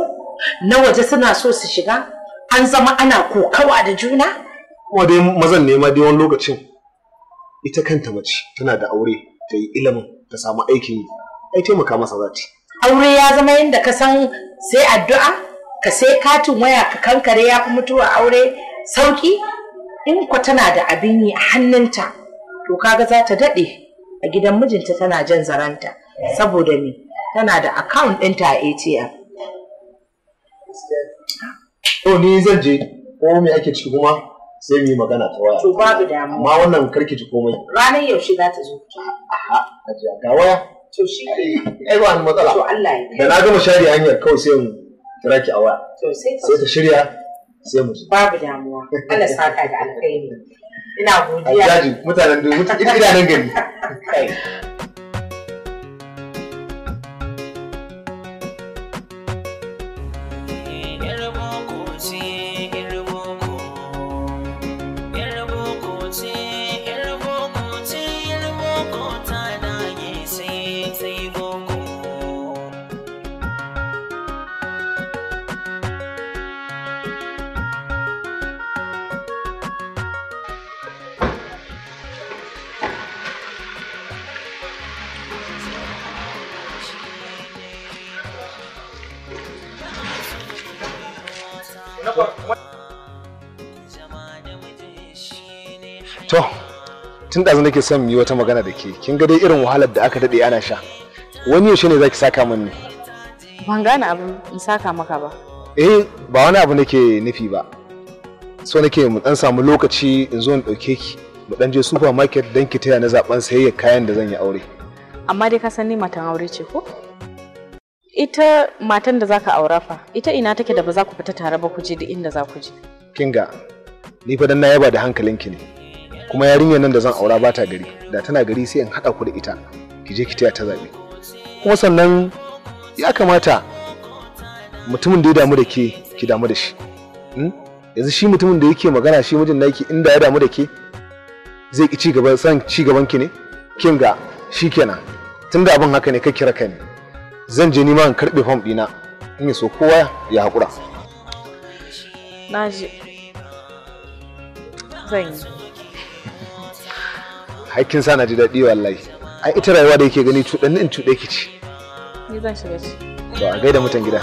na waje suna so su shiga an zama ana kokawa da juna. Kuma dai mazan nema dai wani lokacin ita kanta mace tana da aure ta yi ilimin ta samu aikin yi ai taimaka masa zati. aure ya zama yadda ka san sai addu'a ka sai katin waya ka kankare ya fi mutuwa aure sauki in ku tana da abin yi a hannunta to kaga za ta daɗe a gidan mijinta tana jan zaranta saboda me tana da account ɗinta a atm to oh, ni zan je ko me ake ciki kuma sai mu yi magana ta waya to babu damuwa amma wannan karki ji komai ranar yaushe za ta zo ga waya to shi ke ai ba matsala to Allah ya da na gama share hanyar kawai sai mu kira ki a waya to sai ta shirya sai mu babu damuwa Allah saka da alkhairi ina godiya mutanen duniya idanun gari to tun ɗazu nake son yi wata magana da ke kin dai irin wahalar da aka daɗe ana sha wani yaushe ne za ki saka min ne ban gane abu in saka maka ba eh ba wani abu nake nufi ba so nake mu dan samu lokaci in zo in ɗauke ki mu ɗan je supermarket don ki taya na zaben sayayya kayan da zan yi aure amma dai ka san ni matan aure ce ko ita matan da zaka aura fa ita ina take da ba za ku fita tare ba ku je duk inda za ku je kinga ni fa dan na yaba da hankalinki ne kuma yarinyar nan da zan aura ba ta gari da tana gari sai in haɗa ku da ita ki je ki taya ta zaɓe kuma sannan ya kamata mutumin da ya damu da ke ki damu da shi hmm? yanzu shi mutumin da yake magana shi mijin naki inda ya damu da ke zai ki ci gaban san ci gaban ki ne Kinga, shikenan tunda abin haka ne kai kira kai ne zan je nima in karɓe fam ɗina in so kowa ya haƙura na zan yi haƙƙin sa na ji daɗi wallahi ai ita rayuwa da yake gani cuɗanni in cuɗe ki ce ni zan shiga ci To a gaida mutan gida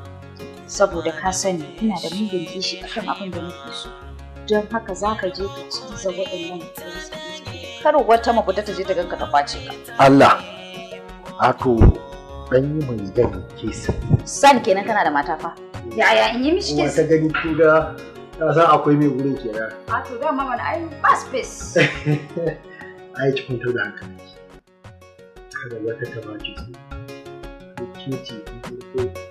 saboda ka sani ina da mugun kishi akan abin da nake so don haka za ka je ka canza waɗannan kar wata mabuta ta je ta ganka ta kwace ka Allah ato dan yi mai gani ke san kenan kana da mata fa yaya in yi mishi ke ta gani tuda ta san akwai mai gurin kenan ato da mama na ai ba space ai cikin tuda hankali kada wata ta ba ki ce ke ce ko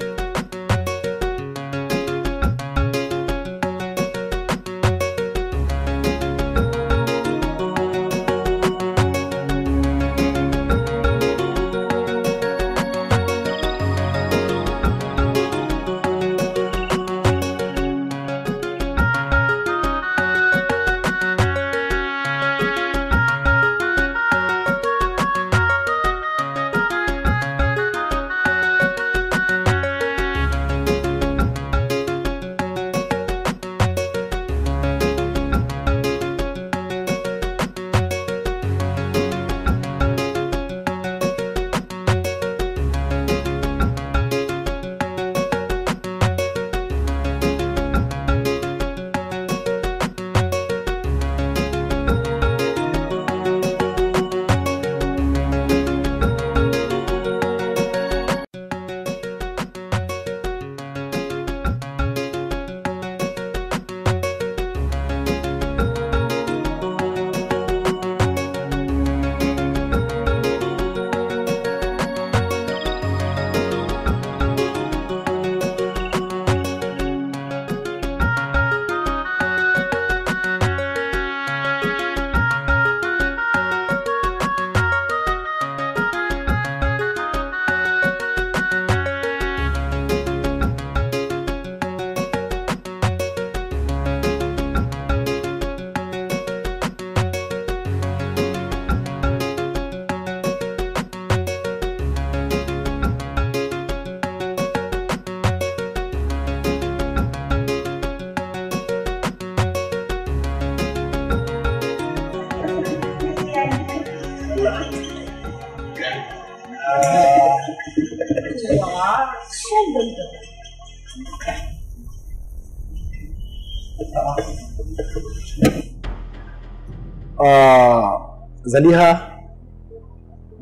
Zaliha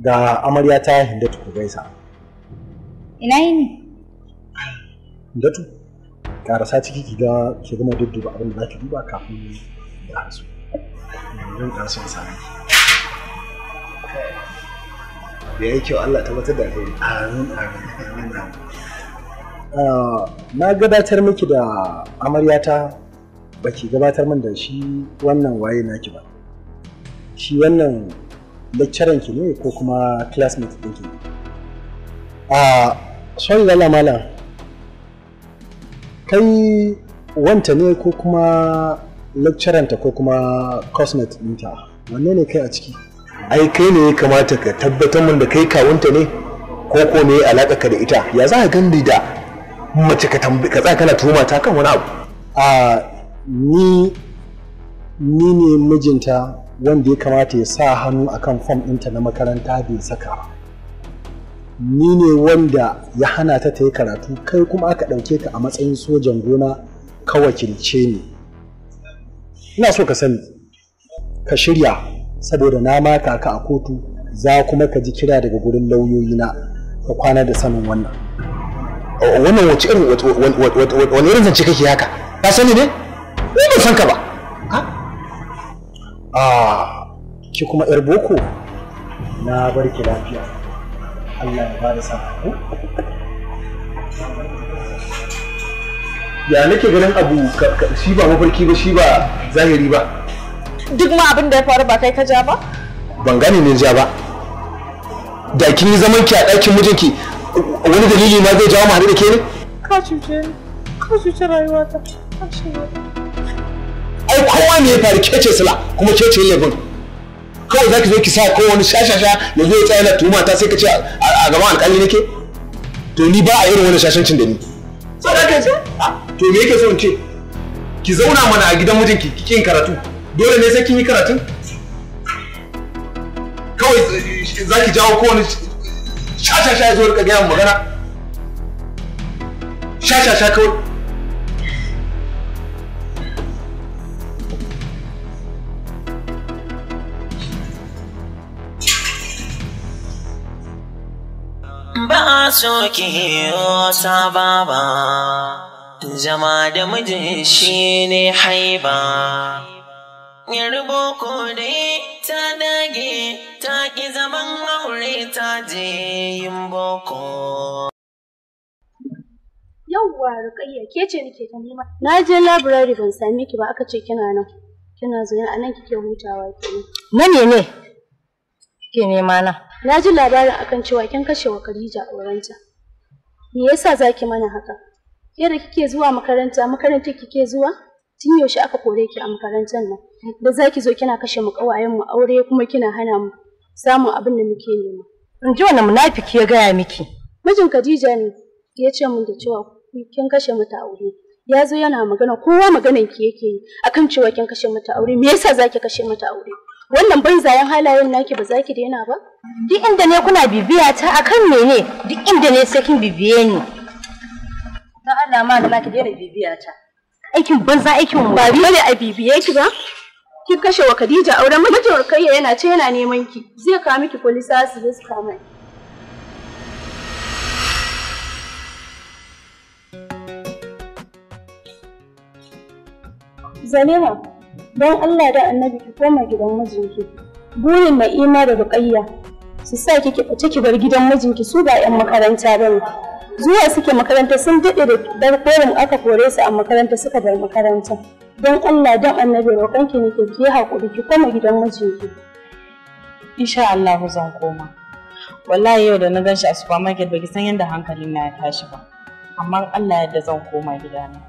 da amarya ta Hindatu ku gaisa. Ina ne Hindatu, karasa ciki ki ga ke gama dudduba abin da za ki duba kafin da hasu. Yanzu ka son sami. Da ya yi kyau Allah tabbatar da alheri. Amin amin amin. Ah, na gabatar miki da amaryata baki gabatar min da shi wannan waye naki ba. shi wannan lecturer ki ne ko kuma classmate din ki? a sorry da malam kai wanta ne ko kuma lecturer ta ko kuma din ta wanne ne kai a ciki ai kai ne ya kamata ka tabbatar mun da kai kawunta ne ko ko me alaƙa ka da ita ya za ka gandi da mace ka tambi ka tsaya kana tuhuma ta kan wani abu a ni ni ne mijinta wanda ya kamata ya sa hannu akan fom ɗinta na makaranta bai saka ba ni ne wanda ya hana ta ta yi karatu kai kuma aka ɗauke ka a matsayin sojan gona ka wakilce ni ina so ka sani ka shirya saboda na maka ka a kotu za kuma ka ji kira daga gurin lauyoyina ka kwana da sanin wannan wannan wace irin wani irin zance kake haka ka sani ne ni ban san ka ba Ah, ki kuma yar boko na bar ki lafiya Allah ya bada sa'a ko ya nake ganin abu shi ba mafarki ba shi ba zahiri ba duk ma abin da ya faru ba kai ka ja ba ban gane ne ja ba da kin yi zaman ki a ɗakin mijinki wani dalili na zai jawo mu haɗu da ke ne ka cuce ni ka cuce rayuwata ka cuce kowa ne ya faru ke ce sila kuma ke ce laifin kawai za ki zo ki sa ko wani shashasha da zai tsaya na tuhuma ta sai ka ce a gaban alƙali nake to ni ba a irin wani shashancin da ni so da kai to me yake so in ce ki zauna mana a gidan mijinki ki kin karatu dole ne sai kin yi karatun kawai za ki jawo wani shashasha ya zo rika gaya magana shashasha kawai ba so ki saba ba zama da mijin shi ne haiba yarbo ko dai ta dage ta ki zaman aure ta je yin boko yawwa rukayya ke ce nake ta nema na je library ban same ki ba aka ce kina nan kina zuwa a kike hutawa kenan na ne ne ke nema na Na ji labarin akan cewa kin kashe wa Khadija aurenta. Me yasa zaki mana haka? Ke kike zuwa makaranta, makarantar kike zuwa? Tun yaushe aka kore ki a makarantar nan? Da zaki zo kina kashe mu kawayen mu aure kuma kina hana mu samun abin da muke nema. In ji wannan munafiki ya gaya miki. Mijin Khadija ne ya ce min da cewa kin kashe mata aure. Ya zo yana magana kowa maganan ki yake yi akan cewa kin kashe mata aure. Me yasa zaki kashe mata aure? wannan zayen halayen naki ba za ki daina ba duk inda ne kuna bibiya ta akan mene duk inda ne sai kin bibiye ni dan Allah ma Allah ki daina bibiya ta aikin banza aikin ba bane a bibiye ki ba ki kashe wa Khadija auren mijin kai yana ce yana neman ki zai kawo miki police su zai kama ki Zanema, don Allah da annabi ki koma gidan mijinki burin mai ima da ruqayya su sa ki ki ki bar gidan mijinki su ba 'yan makaranta ba ne zuwa suke makaranta sun daɗe da korin aka kore su a makaranta suka bar makaranta don Allah da annabi roƙon ki ne ki haƙuri ki koma gidan mijinki insha Allah zan koma wallahi yau da na ganshi shi a supermarket baki san yadda na ya tashi ba amma Allah yadda zan koma gidana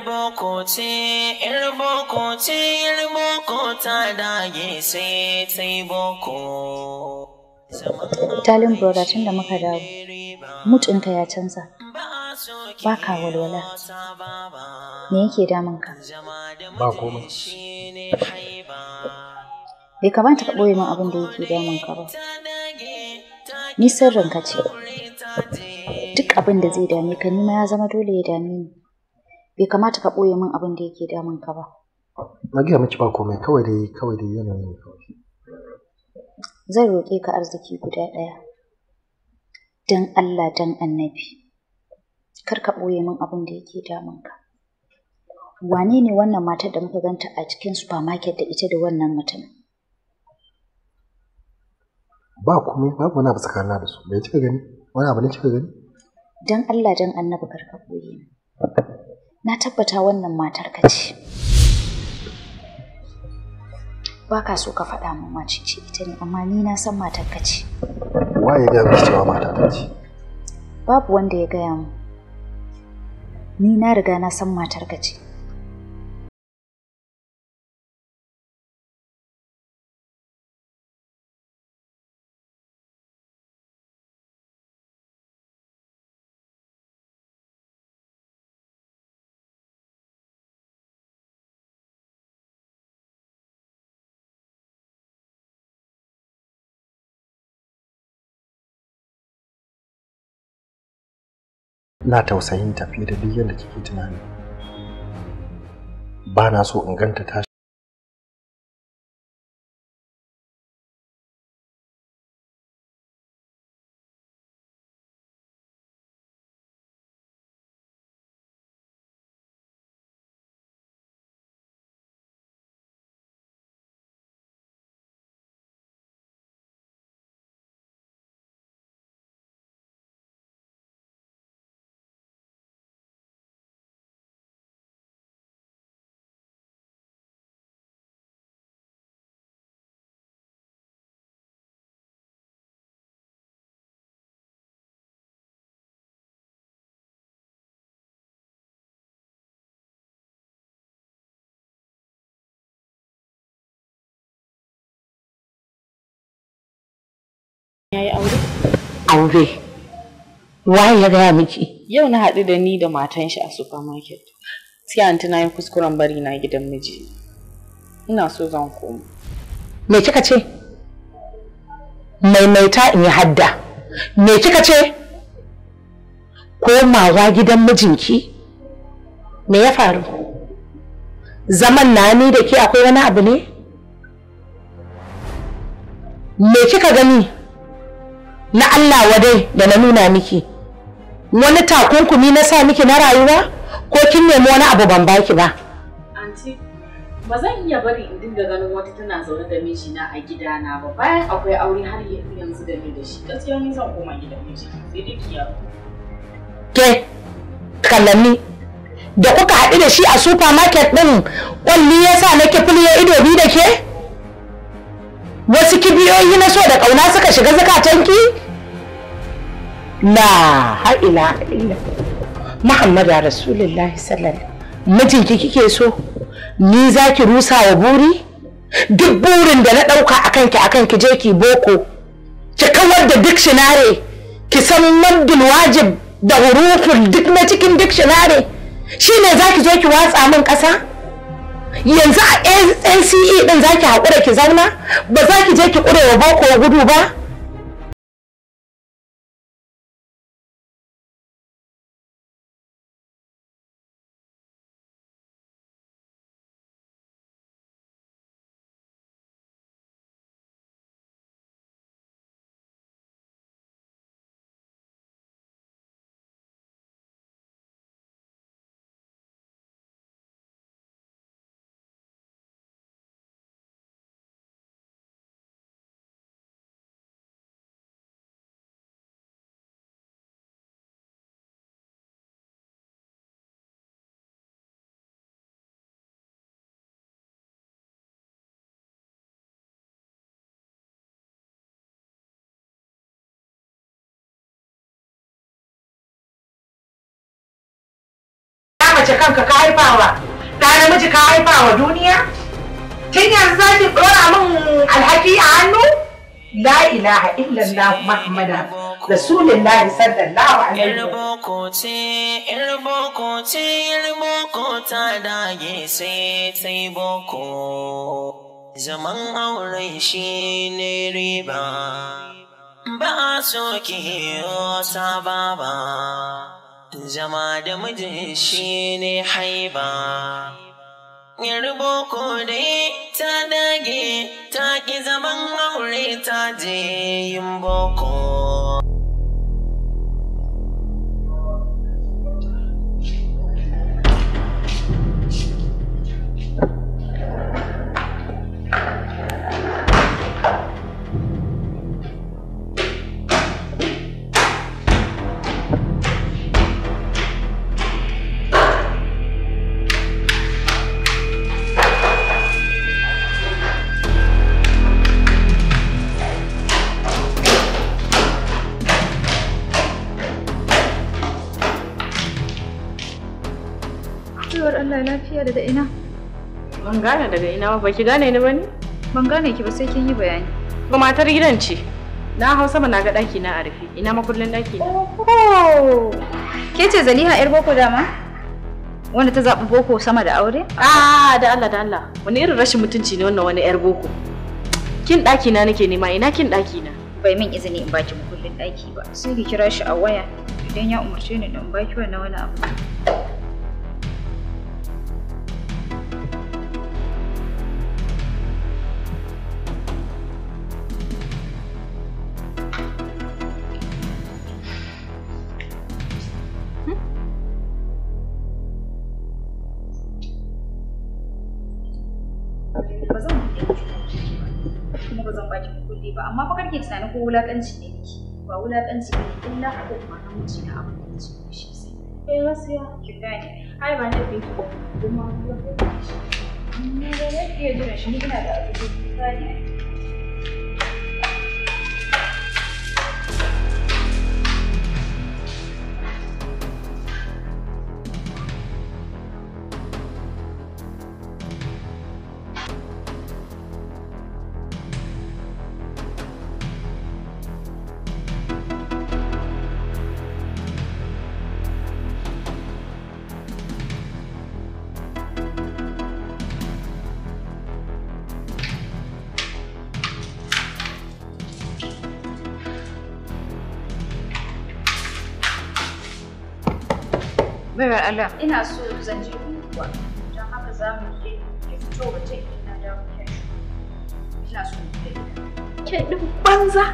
Talin boko ce, 'yar boko. Italian brother tun da muka dawo, mutunka ya canza, ba ka walwala. Me yake damunka? Ba komai. Bai kamata ka ɓoye min abin da yake damunka ba. Ni ka ce. Duk abin da zai dame ka nima ya zama dole ya dame ni. bai kamata ka ɓoye min abin da yake damun ka ba na gaya miki ba komai kawai dai kawai dai yanayi ne kawai zan roƙe ka arziki guda ɗaya dan Allah dan annabi kar ka ɓoye min abin da yake damun ka wane ne wannan matar da muka ganta a cikin supermarket da ita da wannan mutum ba komai babu wani abu tsakanin da su bai cika gani wani abu ne cika gani dan Allah dan annabi kar ka ɓoye min na tabbata wannan matar ka ce ba ka so ka faɗa min mace ce ita ne amma ni na san matar ka ce waye ya gaya cewa mata ta ce babu wanda ya gaya mu ni na riga na san matar ka ce ina tausayin ta fiye da duk yadda kike tunani ba na so in ganta ta aure waye ya gaya miki yau na haɗu da ni da matan shi a supermarket sai anti na yi kuskuren bari na gidan miji ina so zan koma me kika ce maimaita in yi hadda me kika ce komawa gidan mijinki me ya faru zaman na ni da ke akwai wani abu ne me kika gani na Allah wadai da na nuna miki wani takunkumi na sa miki na rayuwa ko kin nemi wani abu ban baki ba ba zan iya bari in dinga ganin wata tana zaune da mijina a gidana ba bayan akwai aure har yanzu da ni da shi gaskiya ni zan koma gidan miji sai dai kiya ke kallani da kuka haɗu da shi a supermarket ɗin kwalli yasa nake fuliya ido biyu da ke? wasu kibiyoyi na so da ƙauna suka shiga zakatanki la ha'ila ila muhammadu rasulullahi sallallahu mijinki kike so ni za ki rusa wa buri duk burin da na ɗauka a kanki a ki je ki boko ki kawar da shinare, ki san maddul wajib da hurufin duk na cikin shi Shi za ki zo ki watsa min ƙasa yanzu a nce din zaki haƙura ki zauna ba za ki je ki ƙure wa boko gudu ba mace kanka ka haifawa ɗa namiji ka haifawa duniya tun yanzu za ki ɗora min alhaki a hannu la ilaha illallah muhammadu rasulullahi sallallahu alaihi wasallam zaman auren shi ne riba ba a soke wata baba zama da miji shi ne haiba. Yarbo ko dai ta dage ta ƙi zaman aure ta je yin boko. fito daga ina? Ban gane daga ina ba, baki gane ni ba ne? Ban gane ki ba sai kin yi bayani. Ba matar gidan ce. Na hau sama na ga ɗaki na a rufe. Ina makullin ɗaki na. Ke ce Zaliha ƴar boko dama? Wanda ta zaɓi boko sama da aure? Ah, da Allah da Allah. Wani irin rashin mutunci ne wannan wani ƴar boko. Kin ɗaki na nake nema, ina kin ɗaki na? Bai min izini in baki makullin ɗaki ba. Sai ki kira shi a waya idan ya umarce ni in baki wannan wani abu. ba amma fa karki tunani ko wulakanci ne ki ba wulakanci ne illa ko kuma na miji na abin da nake shi sai eh gaskiya ki gane ai ba ne kin kuma kuma ne ne nake jira shi ina da abin da Allah ina so zan je kuwa don haka za mu je ya fito waje ina da ina so ke din banza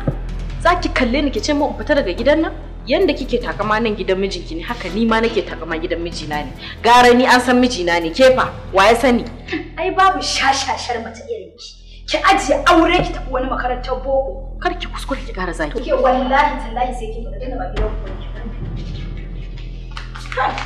za ki kalle ni ki ce mu fita daga gidan nan yanda kike takama nan gidan mijinki ne haka ni ma nake takama gidan mijina ne gara ni an san mijina ne kefa ya sani ai babu shashashar mata irin ki ki ajiye aure ki tafi wani makarantar boko kar ki kuskure ki gara zaki ke wallahi tallahi sai ki fita daga gidan ku Ha!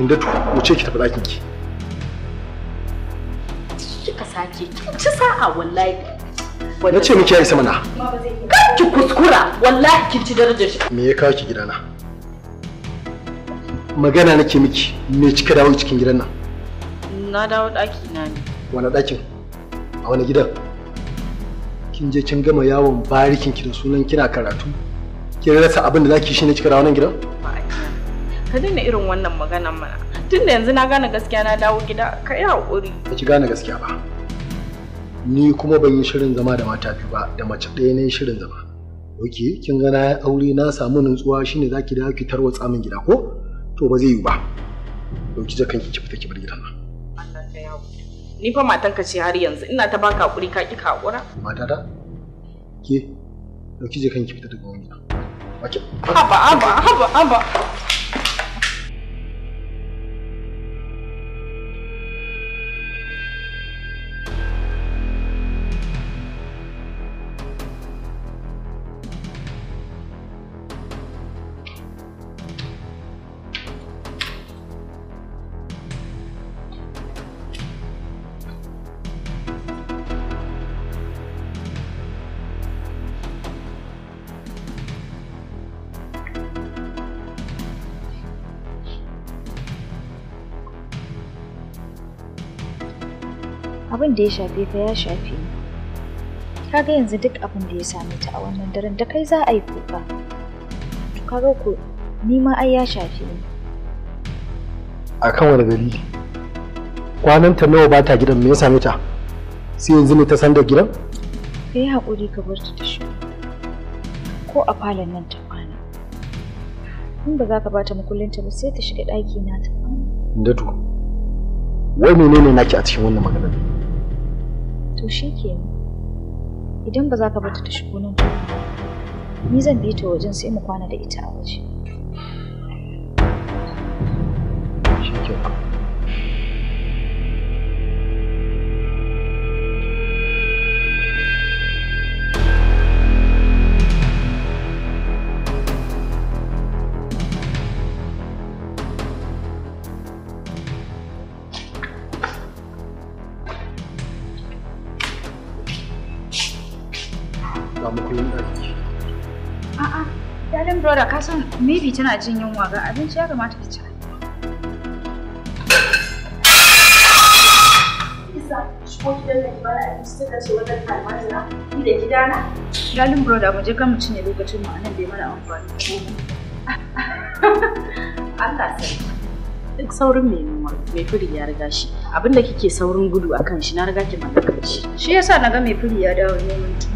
inda tu wuce ki tafi ɗakin ki kika sake kin ci sa'a wallahi na ce miki yayi sama na ki kuskura wallahi kin ci darajar shi me ya kawo ki gidana magana nake miki me kika dawo cikin gidan nan na dawo ɗaki na ne wani ɗakin a wani gidan kin je kin gama yawon barikin ki da sunan kina karatu kin rasa abin da zaki shi ne kika dawo nan gidan ka daina irin wannan maganan mana tun da yanzu na gane gaskiya na dawo gida ka yi haƙuri ba ki gane gaskiya ba ni kuma ban yi shirin zama da mata biyu ba da mace ɗaya ne shirin zama ok kin ga na aure na samu nutsuwa shine ki dawo ki tarwa tsamin gida ko to ba zai yi ba dauki jakan ki fita ki bar gidan nan ni fa matanka ce har yanzu ina ta baka hakuri ka ki kakura mata da ke dauki jakan ki fita daga wannan haba haba haba haba abin da ya shafe ka ya shafe ni kaga yanzu duk abin da ya same ta a wannan daren da kai za a yi kuka to kaga ko ni ma ai ya shafe ni kan wani gari kwanan ta nawa ta gidan me ya same ta sai yanzu ne ta san da gidan ka yi haƙuri ka bar ta shi ko a falon nan ta kwana in ba za ka bata makullinta ba sai ta shiga ɗaki na ta kwana Datu, wai menene naki a cikin wannan maganar? To shi kenan. Idan ba za ka bata ta shigo nan ni zan bi ta wajen sai mu kwana da ita a waje. Maybe tana jin yunwa ga abinci ya kamata ta ci. Galin broda mu je kan mu cinye lokacin mu anan bai mana amfani. Allah sai. Duk saurin mai noma mai firi ya riga shi. Abinda kike saurin gudu akan shi na riga ki mallaka shi. Shi yasa naga mai firi ya dawo neman tu.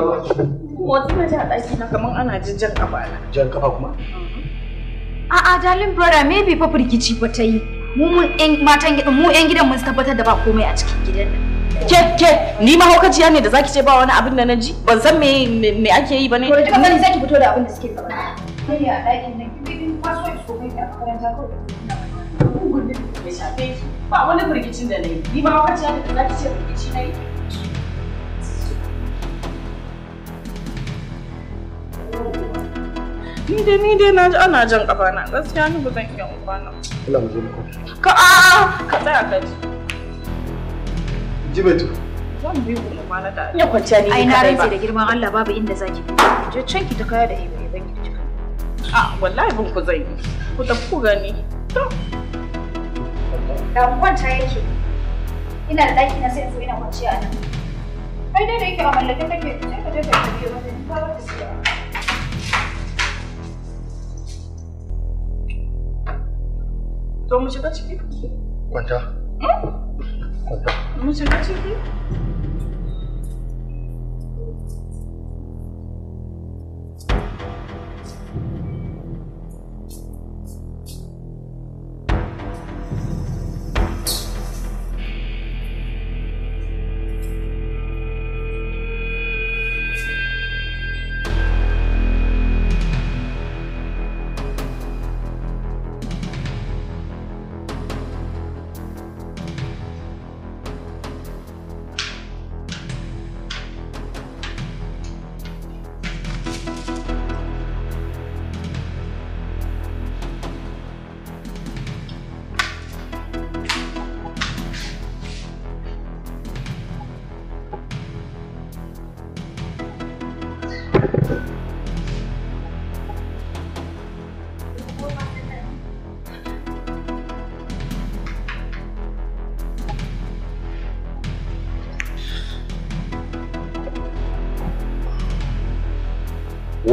A'a darling brother maybe papa firgici ba ta yi. Mu mun ƴan matan gidan mu gidan mun tabbatar da ba komai a cikin gidan nan. Ke ke ni ma haukaciya ne da zaki ce ba wani abin da na ji ban san me me ake yi ba ne. Ko da kika fito da abin da suke faɗa. a a Ba wani firgicin da na yi. Ni ma haukaciya ne da zaki ce firgici na yi. Ni dai ni dai na ana jan kafa na gaskiya ni ba zan iya kwana. Allah mu je mu Ka a ka tsaya ka ji. Jibatu. Zan bi ku na kwana da. Ya kwanciya ni. Ai na rantsi da girman Allah babu inda zaki Je can ki ta kaya da hebe ban ki cika. A wallahi ban ku zai. Ku ta. ku gani. To. Da kwanta yake. Ina da ɗaki na sai in ina kwanciya a nan. Ai dai da yake a mallake kake sai ka je ka biyo mata. Ba ba siya. zo mu shiga ciki kwanta kwanta mu ciki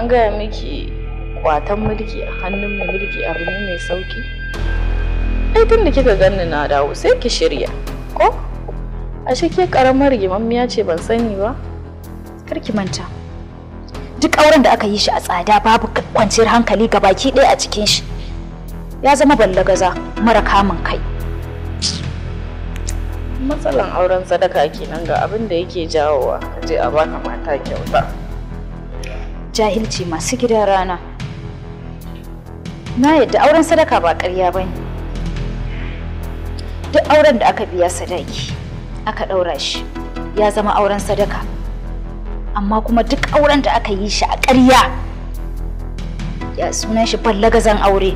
an gaya miki kwatan mulki a hannun mai mulki abu ne mai sauki ai tun da kika ganni na dawo sai ki shirya ko a ke karamar gimammiya ce ban sani ba kar ki manta duk auren da aka yi shi a tsada babu kwanciyar hankali ga baki ɗaya a cikin shi ya zama ballagaza mara kamun kai matsalan auren sadaka kenan ga abin da yake jawowa je a baka mata kyauta jahilci masu gidan rana na yadda auren sadaka ba ƙarya ba ne duk auren da aka biya sadaki aka ɗaura shi ya zama auren sadaka amma kuma duk auren da aka yi shi a ƙarya ya sunan shi ballagazan aure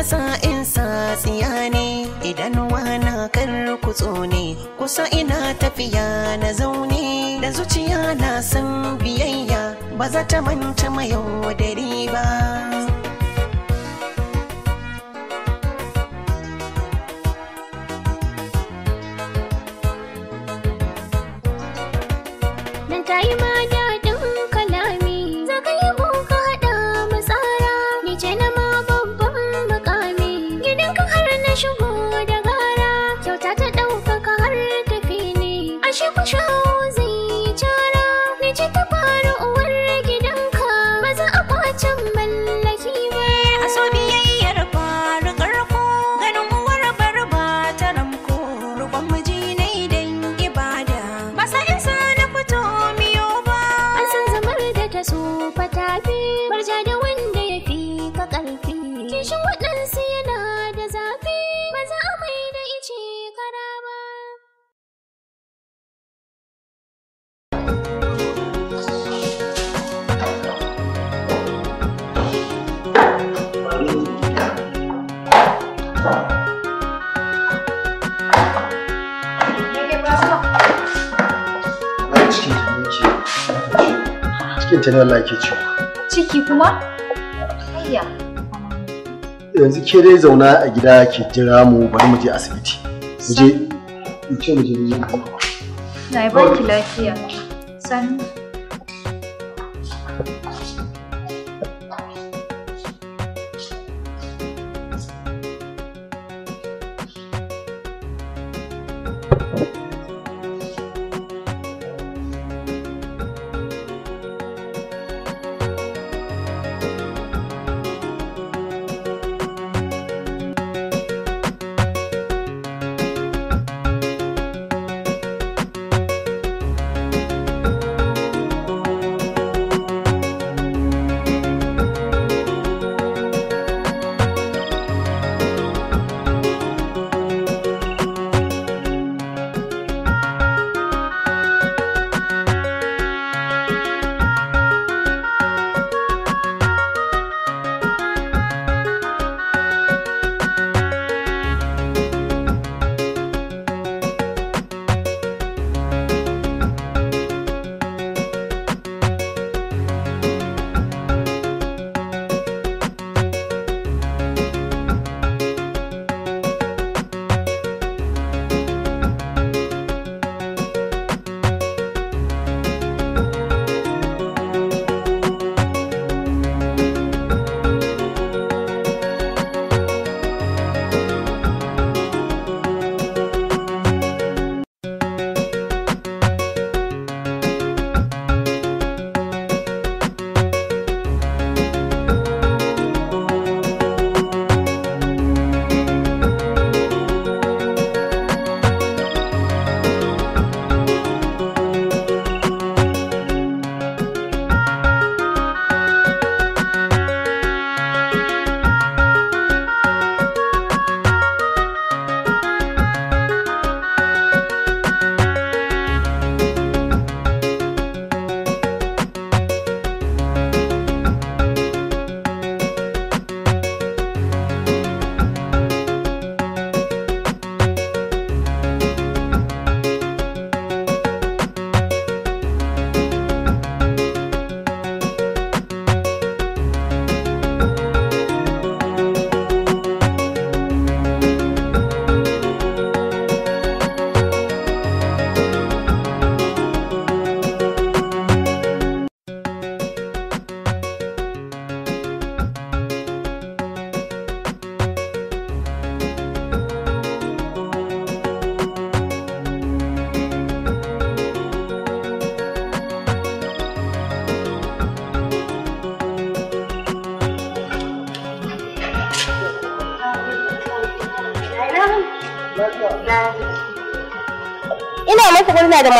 kasa in sa tsiya ne idan na kan kutso ne kusa ina tafiya na zaune da zuciya na san biyayya ba za ta manta mai da riba. ke dai zauna a gida ke jira mu bari mu je asibiti mu je mu ce mu je ne na ba ki lafiya sani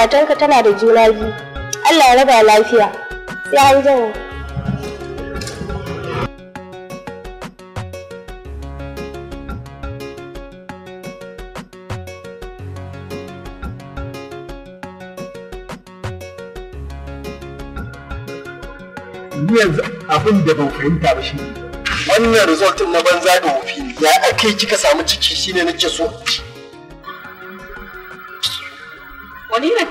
matarka tana da juna biyu Allah ya raba lafiya sai an jima yanzu abin da ban fahimta ba shi wannan result na banza da wofi ne ya ake kika samu ciki shine nake so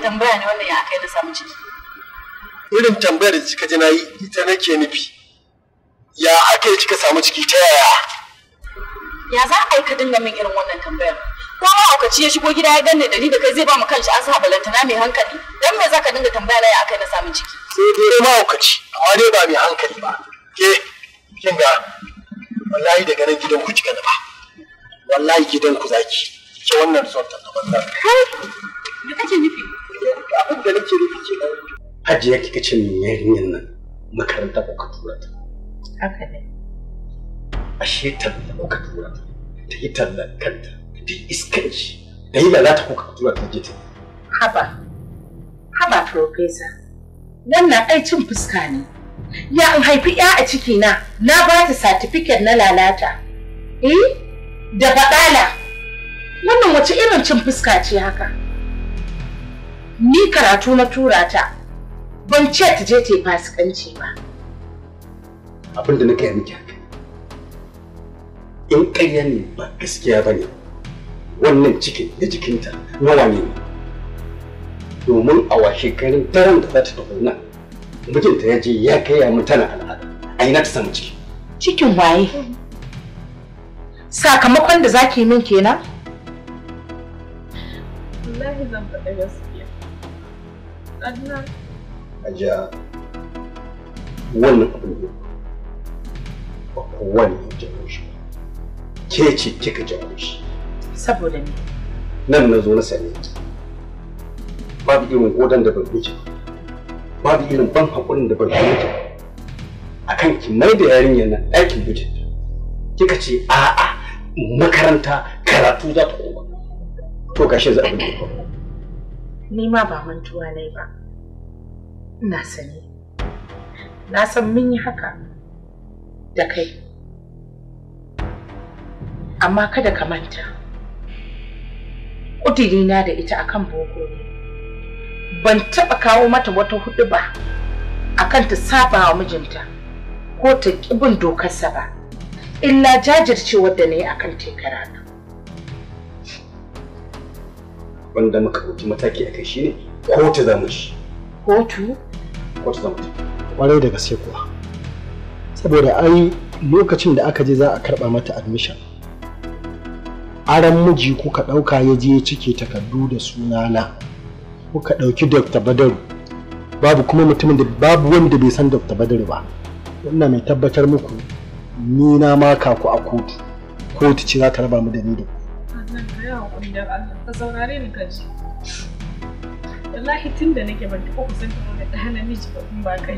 irin tambaya ne wannan ya aka yi na samu ciki irin tambayar da kika ji na yi ita nake nufi ya aka yi kika samu ciki ta yaya ya za a yi ka dinga min irin wannan tambayar ko aukaci ya shigo gida ya ganni dari da kai zai ba mu kanshi an sa balantana mai hankali dan me za ka dinga tambaya na ya aka yi na samu ciki sai dai ma aukaci amma dai ba mai hankali ba ke kin ga wallahi daga nan gidan ku kika ba, wallahi gidan ku zaki ke wannan resort ta banza kai me kake nufi abin da nake nufi ke nan hajiya kika ce min yarinyar nan makaranta ko ka tura ta haka ne ashe talla ko ka tura ta ta yi talla kanta ta yi iskanci da yi lalata ko ka tura ta je ta haba haba profesa nan na ai fuska ne ya in haifi ya a ciki na na ba ta satifiket na lalata eh da baɗala wannan wace irin cin fuska ce haka ni karatu na tura ta ban ce ta je ta yi fasikanci ba abin da nake kai miki haka in ƙarya ne ba gaskiya ba ne wannan cikin da jikinta na wane ne domin a washe garin daren da za ta tafi nan mijinta ya je ya kai ya mu al'ada a ina ta samu ciki cikin waye sakamakon da zaki min kenan wallahi zan faɗa gaskiya Ajiya wannan Ke ce kika Saboda ni. Nan na na Babu irin godan da ban miki Babu irin ban da ban A kan yarinyar nan Kika ce a'a makaranta karatu za ta koma. To gashi za a yi ni ma ba mantuwa nai ba ina sani na san mun yi haka da kai amma kada ka manta na da ita akan boko ne ban taɓa kawo mata wata hudu ba akan ta saba wa mijinta ko ta ƙibin dokarsa ba illa jajircewar da na yi akan karatu wanda muka ɗauki mataki a shi ne kotu za mu shi. Kotu? Kotu za mu ci. da gaske kuwa. Saboda ai lokacin da aka je za a karɓa mata admission. Aran miji kuka ɗauka ya je cike takardu da sunana. Kuka ɗauki Dr. Badaru. Babu kuma mutumin da babu wanda bai san Dr. Badaru ba. Ina mai tabbatar muku ni na maka ku a kotu. Kotu ce za ta raba mu da ni da ku. nan ka yi haƙuri da Allah ka saurare ni ka ji wallahi tun da nake ban taɓa kusantar wani ɗa namiji ba in ba kai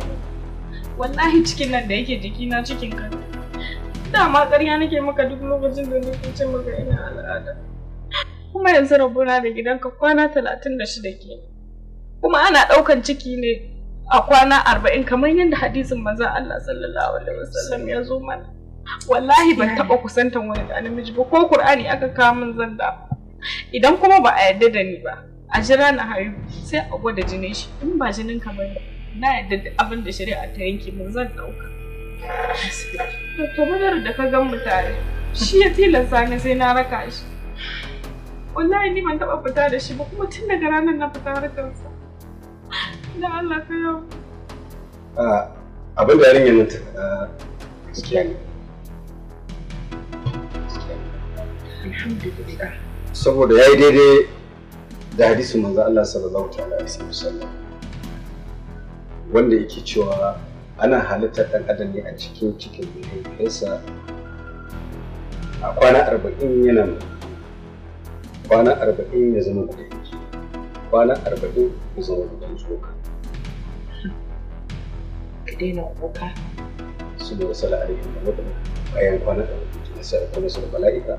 wallahi cikin nan da yake jikina cikin ka dama ƙarya nake maka duk lokacin da nake ce maka ina al'ada kuma yanzu rabona da gidanka kwana talatin da shida ke kuma ana ɗaukan ciki ne a kwana arba'in kamar yadda hadisin manzon Allah sallallahu alaihi wasallam ya zo mana wallahi ban taba kusantan wani da namiji ba ko qur'ani aka kawo min zan da idan kuma ba a yarda da ni ba a jira na haihu sai a gwada jinin shi in ba jinin ka ba na yarda da abin da shari'a ta yanke min zan dauka to madar da ka gan mutare shi ya tilasta ni sai na raka shi wallahi ni ban taba fita da shi ba kuma tun daga ranar na fita harkarsa da Allah ka yau ah, abin da yarinyar nan ta gaskiya ne saboda ya yi daidai da hadisin manzo Allah sallallahu ta'ala alaihi wasallam wanda yake cewa ana halittar ɗan adam ne a cikin cikin mahaifiyarsa a kwana arba'in yana kwana arba'in ya zama da guda kwana arba'in ya zama gudan tsoka ka daina kuka su da wasu la'ayi da bayan kwana arba'in ya sa sarakuna su da bala'ika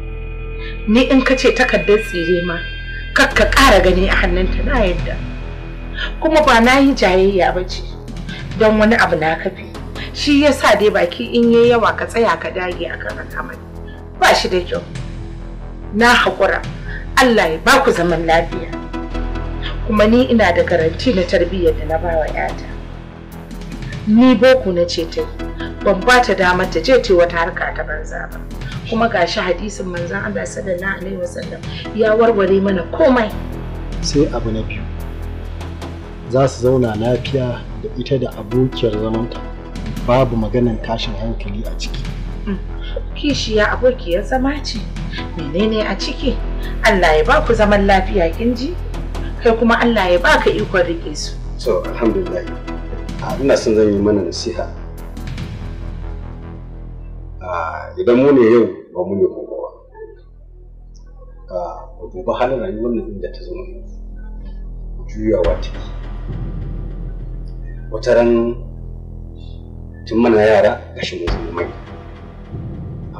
ni in ka ce takardar tsire ma ka ƙara gani a hannunta na yadda kuma ba na yi jayayya ba ce don wani abu na kafi shi ya sa dai baki in yi yawa ka tsaya ka dage a kan kamar ba shi da kyau na haƙura allah ya baku zaman lafiya kuma ni ina da garanti na tarbiyyar da na ba wa 'yata ni boku na ce ta yi ban ba ta damar ta je ce wata harka ta banza ba kuma ga shi hadisin manzo Allah sallallahu alaihi wasallam ya warware mana komai sai abu na biyu za su zauna lafiya da ita da abokiyar zamanta babu maganan tashin hankali a ciki mm. kishiya abokiyar zama ce menene a ciki Allah ya ba ku zaman lafiya kin ji kai kuma Allah ya baka ikon rike su to alhamdulillah ah, ina son zan yi mana nasiha Ah, idan mu ne yau ba mu ne gobe ba mu ah, duba halin rayuwar nan inda ta zama juyawa ta yi wata ran tun mana yara shi mun zama mai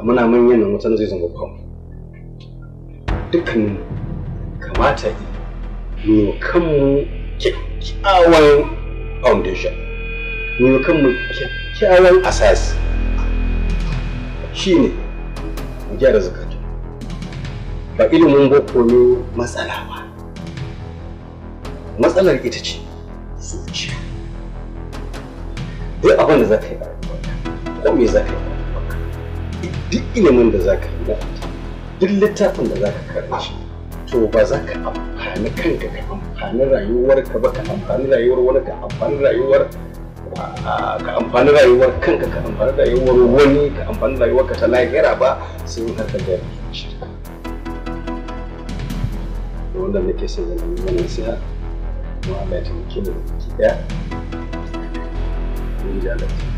a muna manyan nan wata zai zama kwamu dukkan kamata yi mu kanmu kyakkyawan foundation mu kanmu kyakkyawan asasi shine mu gyara zakatu ba ilimin boko ne matsala ba matsalar ita ce zuciya duk abin da za ka yi a ko me za ka yi duk ilimin da za ka yi na duk littafin da za ka karɓa shi to ba za ka amfani kanka ka amfani rayuwarka ba ka amfani rayuwar wani ka amfani rayuwar ka amfani rayuwar kanka ka amfani rayuwar wani ka amfani rayuwar ka ta lahira ba sai harkar da da wanda nake son siya